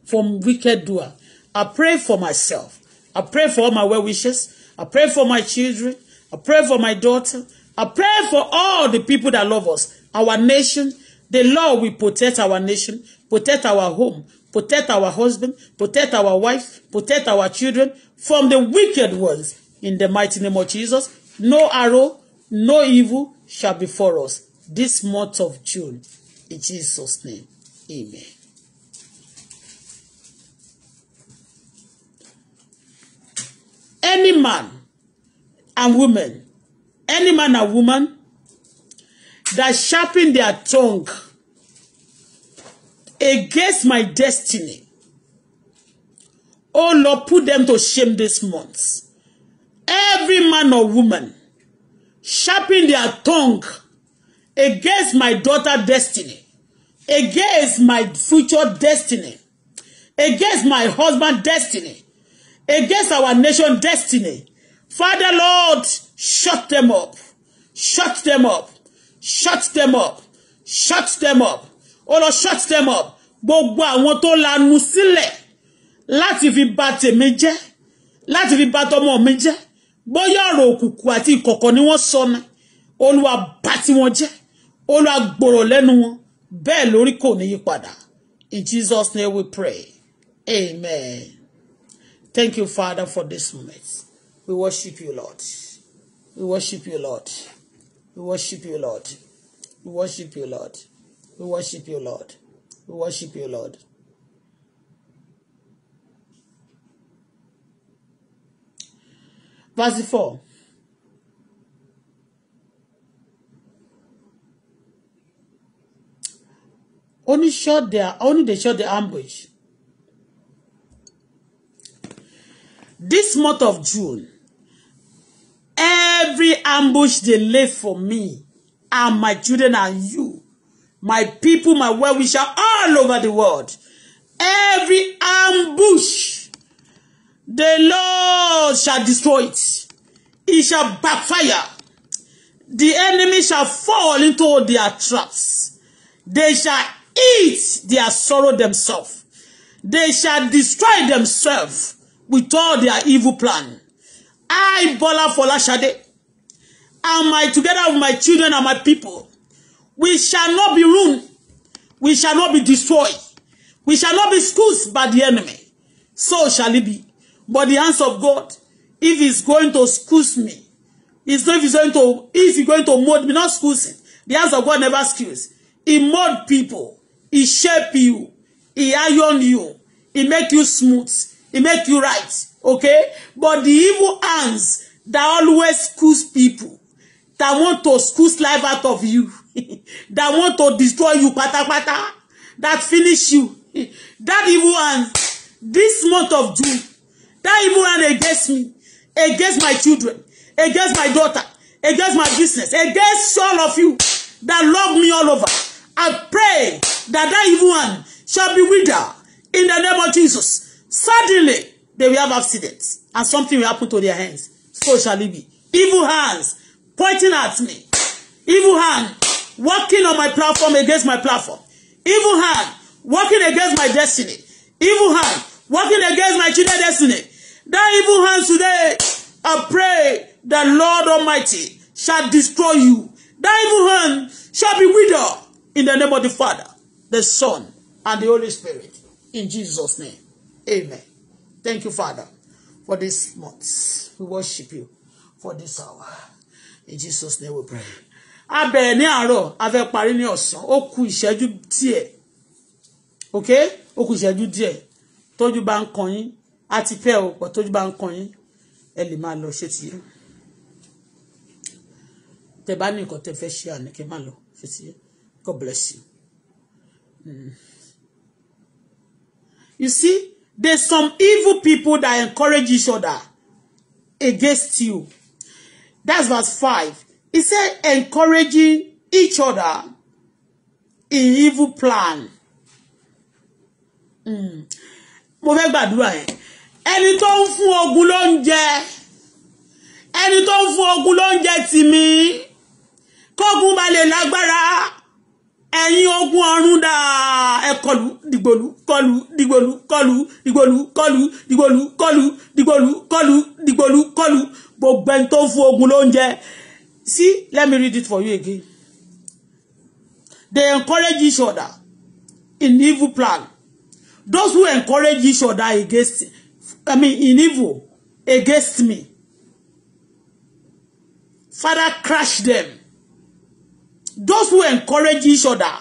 from wicked doer. I pray for myself. I pray for all my well wishes. I pray for my children. I pray for my daughter. I pray for all the people that love us, our nation. The law will protect our nation, protect our home, protect our husband, protect our wife, protect our children from the wicked ones. In the mighty name of Jesus, no arrow no evil shall befall us this month of June. In Jesus' name, amen. Any man and woman, any man and woman that sharpen their tongue against my destiny, oh Lord, put them to shame this month. Every man or woman sharpen their tongue against my daughter destiny against my future destiny against my husband destiny against our nation destiny father lord shut them up shut them up shut them up shut them up ó oh shut them up gbogbo àwọn tó lanu sílẹ̀ láti fi bà tèmi jẹ́ láti fi bà tọmọ mi jẹ́ bóyá ọ̀rọ̀ òkùnkùn àti ìkọ̀kọ̀ ni wọ́n sọ ni olúwa bá tí wọ́n jẹ́ olúwa gbòrò lẹ́nu wọn bẹ́ẹ̀ lórí kò ní yí padà in Jesus name we pray amen thank you Father for this moment we worship you Lord we worship you Lord we worship you Lord we worship you Lord we worship you Lord we worship you Lord. We worship you, Lord. verse four. Only shot their only they shot the ambush. This month of June, every ambush they lay for me and my children and you, my people, my well-wisher all over the world. Every ambush The Lord shall destroy it. It shall backfire. The enemy shall fall into their traps. They shall eat their sorrow themselves. They shall destroy themselves with all their evil plan. I, Bola Folashade, and my together with my children and my people, we shall not be ruined. We shall not be destroyed. We shall not be scourged by the enemy. So shall it be. But the hands of God, if he's going to excuse me, it's not if he's going to, if he's going to mold me, not excuse him. The hands of God never excuse. He mold people. He shape you. He iron you. He make you smooth. He make you right. Okay? But the evil hands that always excuse people, that want to squeeze life out of you, that want to destroy you, pata pata, that finish you, that evil hands. this month of June, That evil hand against me, against my children, against my daughter, against my business, against all of you that love me all over. I pray that that evil one shall be withered in the name of Jesus. Suddenly, they will have accidents and something will happen to their hands. So shall it be. Evil hands pointing at me. Evil hand working on my platform against my platform. Evil hand working against my destiny. Evil hand working against my children' destiny. That evil hands today, I pray the Lord Almighty shall destroy you. That evil hand shall be withered in the name of the Father, the Son, and the Holy Spirit. In Jesus' name. Amen. Thank you, Father, for this month. We worship you for this hour. In Jesus' name we pray. A bẹ̀rẹ̀ ní àárọ̀, a fẹ́ parí ní ọ̀sán. Ó kù ìṣẹ́jú díẹ̀. Okay? Ó kù ìṣẹ́jú díẹ̀. Tójú bá ń kan yín a pẹ́ o pọ̀ tó bá ń kan yín ẹ lè máa lọ ṣe tìyẹn tẹ bá ní nǹkan tẹ fẹ́ ṣe àná kí n máa lọ ṣe tìyẹn God bless you. Mm. You see, there's some evil people that encourage each other against you. That's verse five. He said, encouraging each other in evil plan. Mm. Mo fẹ́ gbàdúrà yẹn ẹni tó ń fún ogun ló ń jẹ ẹni tó ń fún ogun ló ń jẹ tìmí kógun bá lè lágbára ẹ̀yin ogun ọ̀run dà ẹ kọlù dìgbòlù kọlù dìgbòlù kọlù dìgbòlù kọlù dìgbòlù kọlù dìgbòlù kọlù dìgbòlù kọlù gbogbo ẹni tó ń fún ogun ló ń jẹ see let me read it for you again they encourage each other in evil plan those who encourage each other against I mean, in evil against me. Father, crush them. Those who encourage each other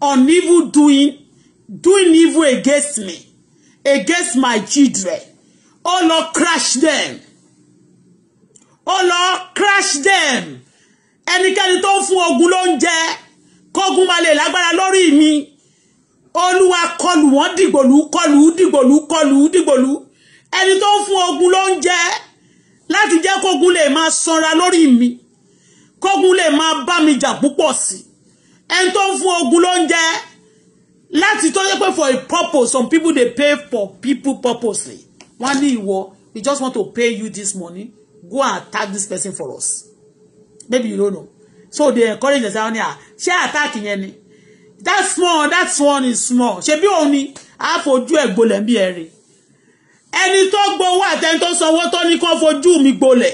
on evil doing, doing evil against me, against my children. Oh Lord, crush them. Oh Lord, crush them. Ẹnikẹ́ni tó ń fún ogun ló ń jẹ, kógun máa lè lágbára lórí mi. Olúwa kọlù wọ́n dìgbòlù, kọlù, dìgbòlù, kọlù, dìgbòlù ẹni tó ń fún ogun ló ń jẹ láti jẹ́ kógun lè máa sanra lórí mi kógun lè máa bá mi jà púpọ̀ sí ẹni tó ń fún ogun ló ń jẹ láti tó yẹ pé for a purpose some people dey pay for people purposely wọ́n ní ìwọ we just want to pay you this money go and attack this person for us maybe you don't know so they encourage themselves ní ah, à ṣé attack yẹn ni that small that one is small ṣebí òun ni àfojú ẹ̀ gbolẹ̀ bí ẹni tó gbowó àtẹni tó sanwó tó ní kó fojú mi gbolẹ̀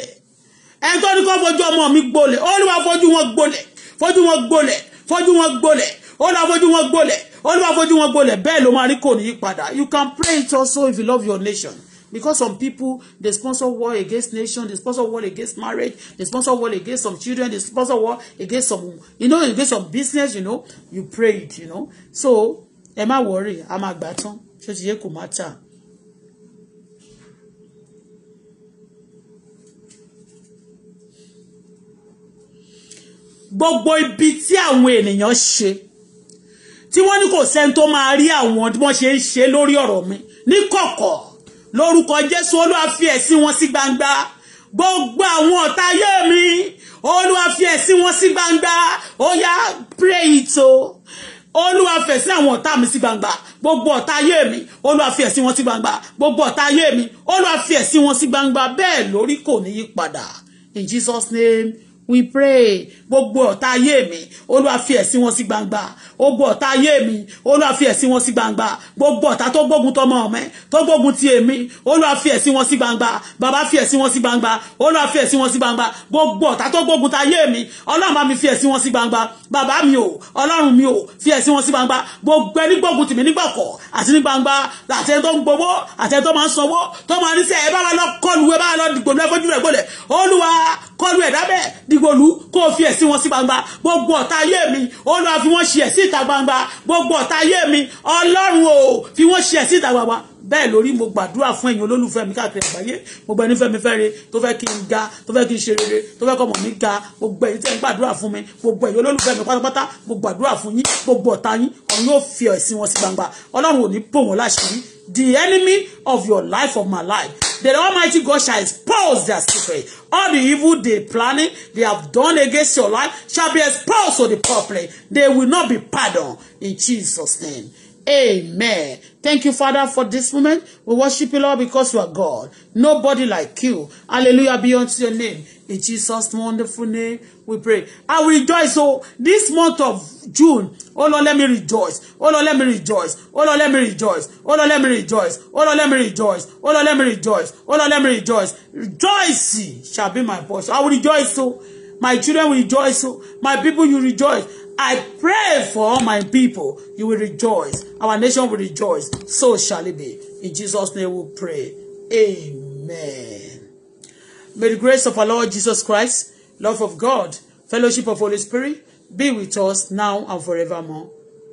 ẹni tó ní kó fojú ọmọ mi gbolẹ̀ olúwa fojú wọn gbolẹ̀ fojú wọn gbolẹ̀ fojú wọn gbolẹ̀ olúwa fojú wọn gbolẹ̀ olúwa fojú wọn gbolẹ̀ bẹ́ẹ̀ ló máa rí kò ní yí padà you can pray it also if you love your nation because some people they sponsor war against nation they sponsor war against marriage they sponsor war against some children they sponsor war against some you know against some business you know you pray it you know so ẹ má worry a máa gbà tán ṣé ti yẹ kò má tà. gbogbo ibi tí àwọn ènìyàn ṣe tí wọ́n ní kò sẹ́ni tó máa rí àwọn tí wọ́n ṣe ń ṣe lórí ọ̀rọ̀ mi ní kọ̀kọ̀ lórúkọ Jésù Olúwa fi ẹ̀sín wọn sí gbangba gbogbo àwọn ọ̀tá ayé mi Olúwa fi wọn sí gbangba ó pray it o olúwa fẹ̀sí àwọn ọ̀tá mi sí gbangba gbogbo ọ̀tá ayé mi olúwa fi ẹ̀sín wọn sí gbangba gbogbo ọ̀tá ayé mi olúwa fi wọn sí gbangba bẹ́ẹ̀ lórí kò ní yí padà in Jesus name we pray gbogbo ọ̀tá ayé mi olúwa fi ẹ̀sìn wọn sí gbangba gbogbo ọ̀tá ayé mi olúwa fi ẹ̀sìn wọn sí gbangba gbogbo ọ̀tá tó gbógun tọmọ mi tó gbógun ti èmi olúwa fi ẹ̀sìn wọn sí gbangba bàbá fi ẹ̀sìn wọn sí gbangba olúwa fi ẹ̀sìn wọn sí gbangba gbogbo ọ̀tá tó gbógun ta ayé mi ọlọ́run bá mi fi ẹ̀sìn wọn sí gbangba bàbá mi o ọlọ́run mi o fi ẹ̀sìn wọn sí gbangba gbogbo ẹni gbógun tì mí nígbàkọ̀ àti ní gbangba àti ẹni tó ń gbowó àti ẹni tó máa ń sanwó tó máa ń ní sẹ́ ẹ bá wa lọ kọlu ẹ bá wa lọ dìgbò lẹ́fọ́jú rẹ̀ gbọ́dẹ̀ olúwa kọlu ẹ̀dá bẹ́ẹ̀ dìg ìgbòlú kó o fi ẹ̀sìn wọn sí gbangba gbogbo ọ̀tá ayé mi olúwa fi wọ́n ṣe ẹ̀sìn ìta gbangba gbogbo ọ̀tá ayé mi ọlọ́run o fi wọ́n ṣe ẹ̀sìn ìta gbangba bẹ́ẹ̀ lórí mo gbàdúrà fún ẹ̀yin olólùfẹ́ mi káàkiri àgbáyé mo gbẹ nífẹ̀ẹ́ mi fẹ́re tó fẹ́ kí n ga tó fẹ́ kí n ṣe rere tó fẹ́ kọ́mọ mi ga gbogbo ẹ̀yin tẹ́ ń gbàdúrà fún mi gbogbo ẹ̀yin olólùfẹ́ mi pátápátá mo gbàdúrà fún yín gbogbo ọ̀tá yín ọ̀run yóò fi ẹ̀sìn wọn sí gbangba ọlọ́run ò ní pò wọ́n láṣìírí the enemy of your life, of my life. The Almighty God shall expose their secret. All the evil they planning, they have done against your life, shall be exposed to the public. They will not be pardoned in Jesus' name. Amen. Thank you, Father, for this moment. We worship you, Lord, because you are God. Nobody like you. Hallelujah be unto your name. In Jesus' wonderful name, we pray. I will rejoice. So oh, this month of June, oh Lord, let me rejoice. Oh Lord, let me rejoice. Oh Lord, let me rejoice. Oh Lord, let me rejoice. Oh Lord, let me rejoice. Oh Lord, let me rejoice. Oh Lord, let me rejoice. Rejoice shall be my voice. I will rejoice. So oh. my children will rejoice. So oh. my people, you rejoice. I pray for all my people. You will rejoice. Our nation will rejoice. So shall it be. In Jesus' name we pray. Amen. May the grace of our Lord Jesus Christ, love of God, fellowship of Holy Spirit be with us now and forevermore.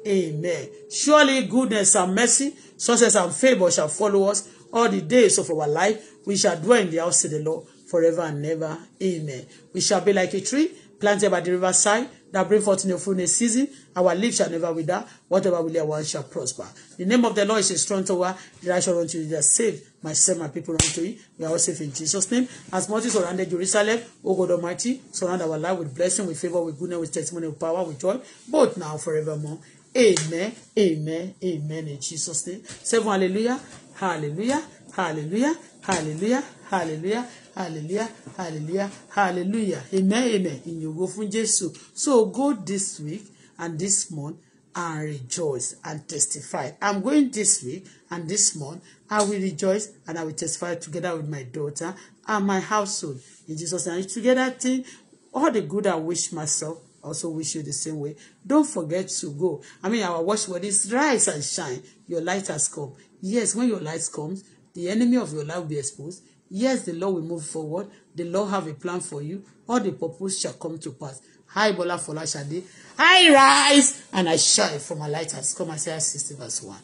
Amen. Surely goodness and mercy, success and favor shall follow us all the days of our life. We shall dwell in the house of the Lord forever and ever. Amen. We shall be like a tree planted by the riverside that bring forth in your fullness season. Our lips shall never wither. Whatever we lay one shall prosper. The name of the Lord is a strong tower. The righteous unto you that save myself, my people unto you. We are all safe in Jesus' name. As much as surrounded Jerusalem, O God Almighty, surround our life with blessing, with favor, with goodness, with testimony, with power, with joy, both now and forevermore. Amen, amen, amen in Jesus' name. Seven hallelujah, hallelujah, hallelujah, hallelujah, hallelujah hallelujah hallelujah hallelujah amen amen ìyògo fún jésù so go this week and this month and rejoice and testify i'm going this week and this month i will rejoice and i will testify together with my daughter and my household in jesus name together thing all the good i wish myself also wish you the same way. Don't forget to go. I mean, our watchword is rise and shine. Your light has come. Yes, when your light comes, the enemy of your life will be exposed. Yes, the Lord will move forward. The Lord have a plan for you. All the purpose shall come to pass. I, Bola Folashade, I rise and I shine for my light has come. Isaiah 60 verse 1.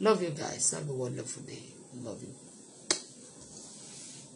Love you guys. Have a wonderful day. Love you.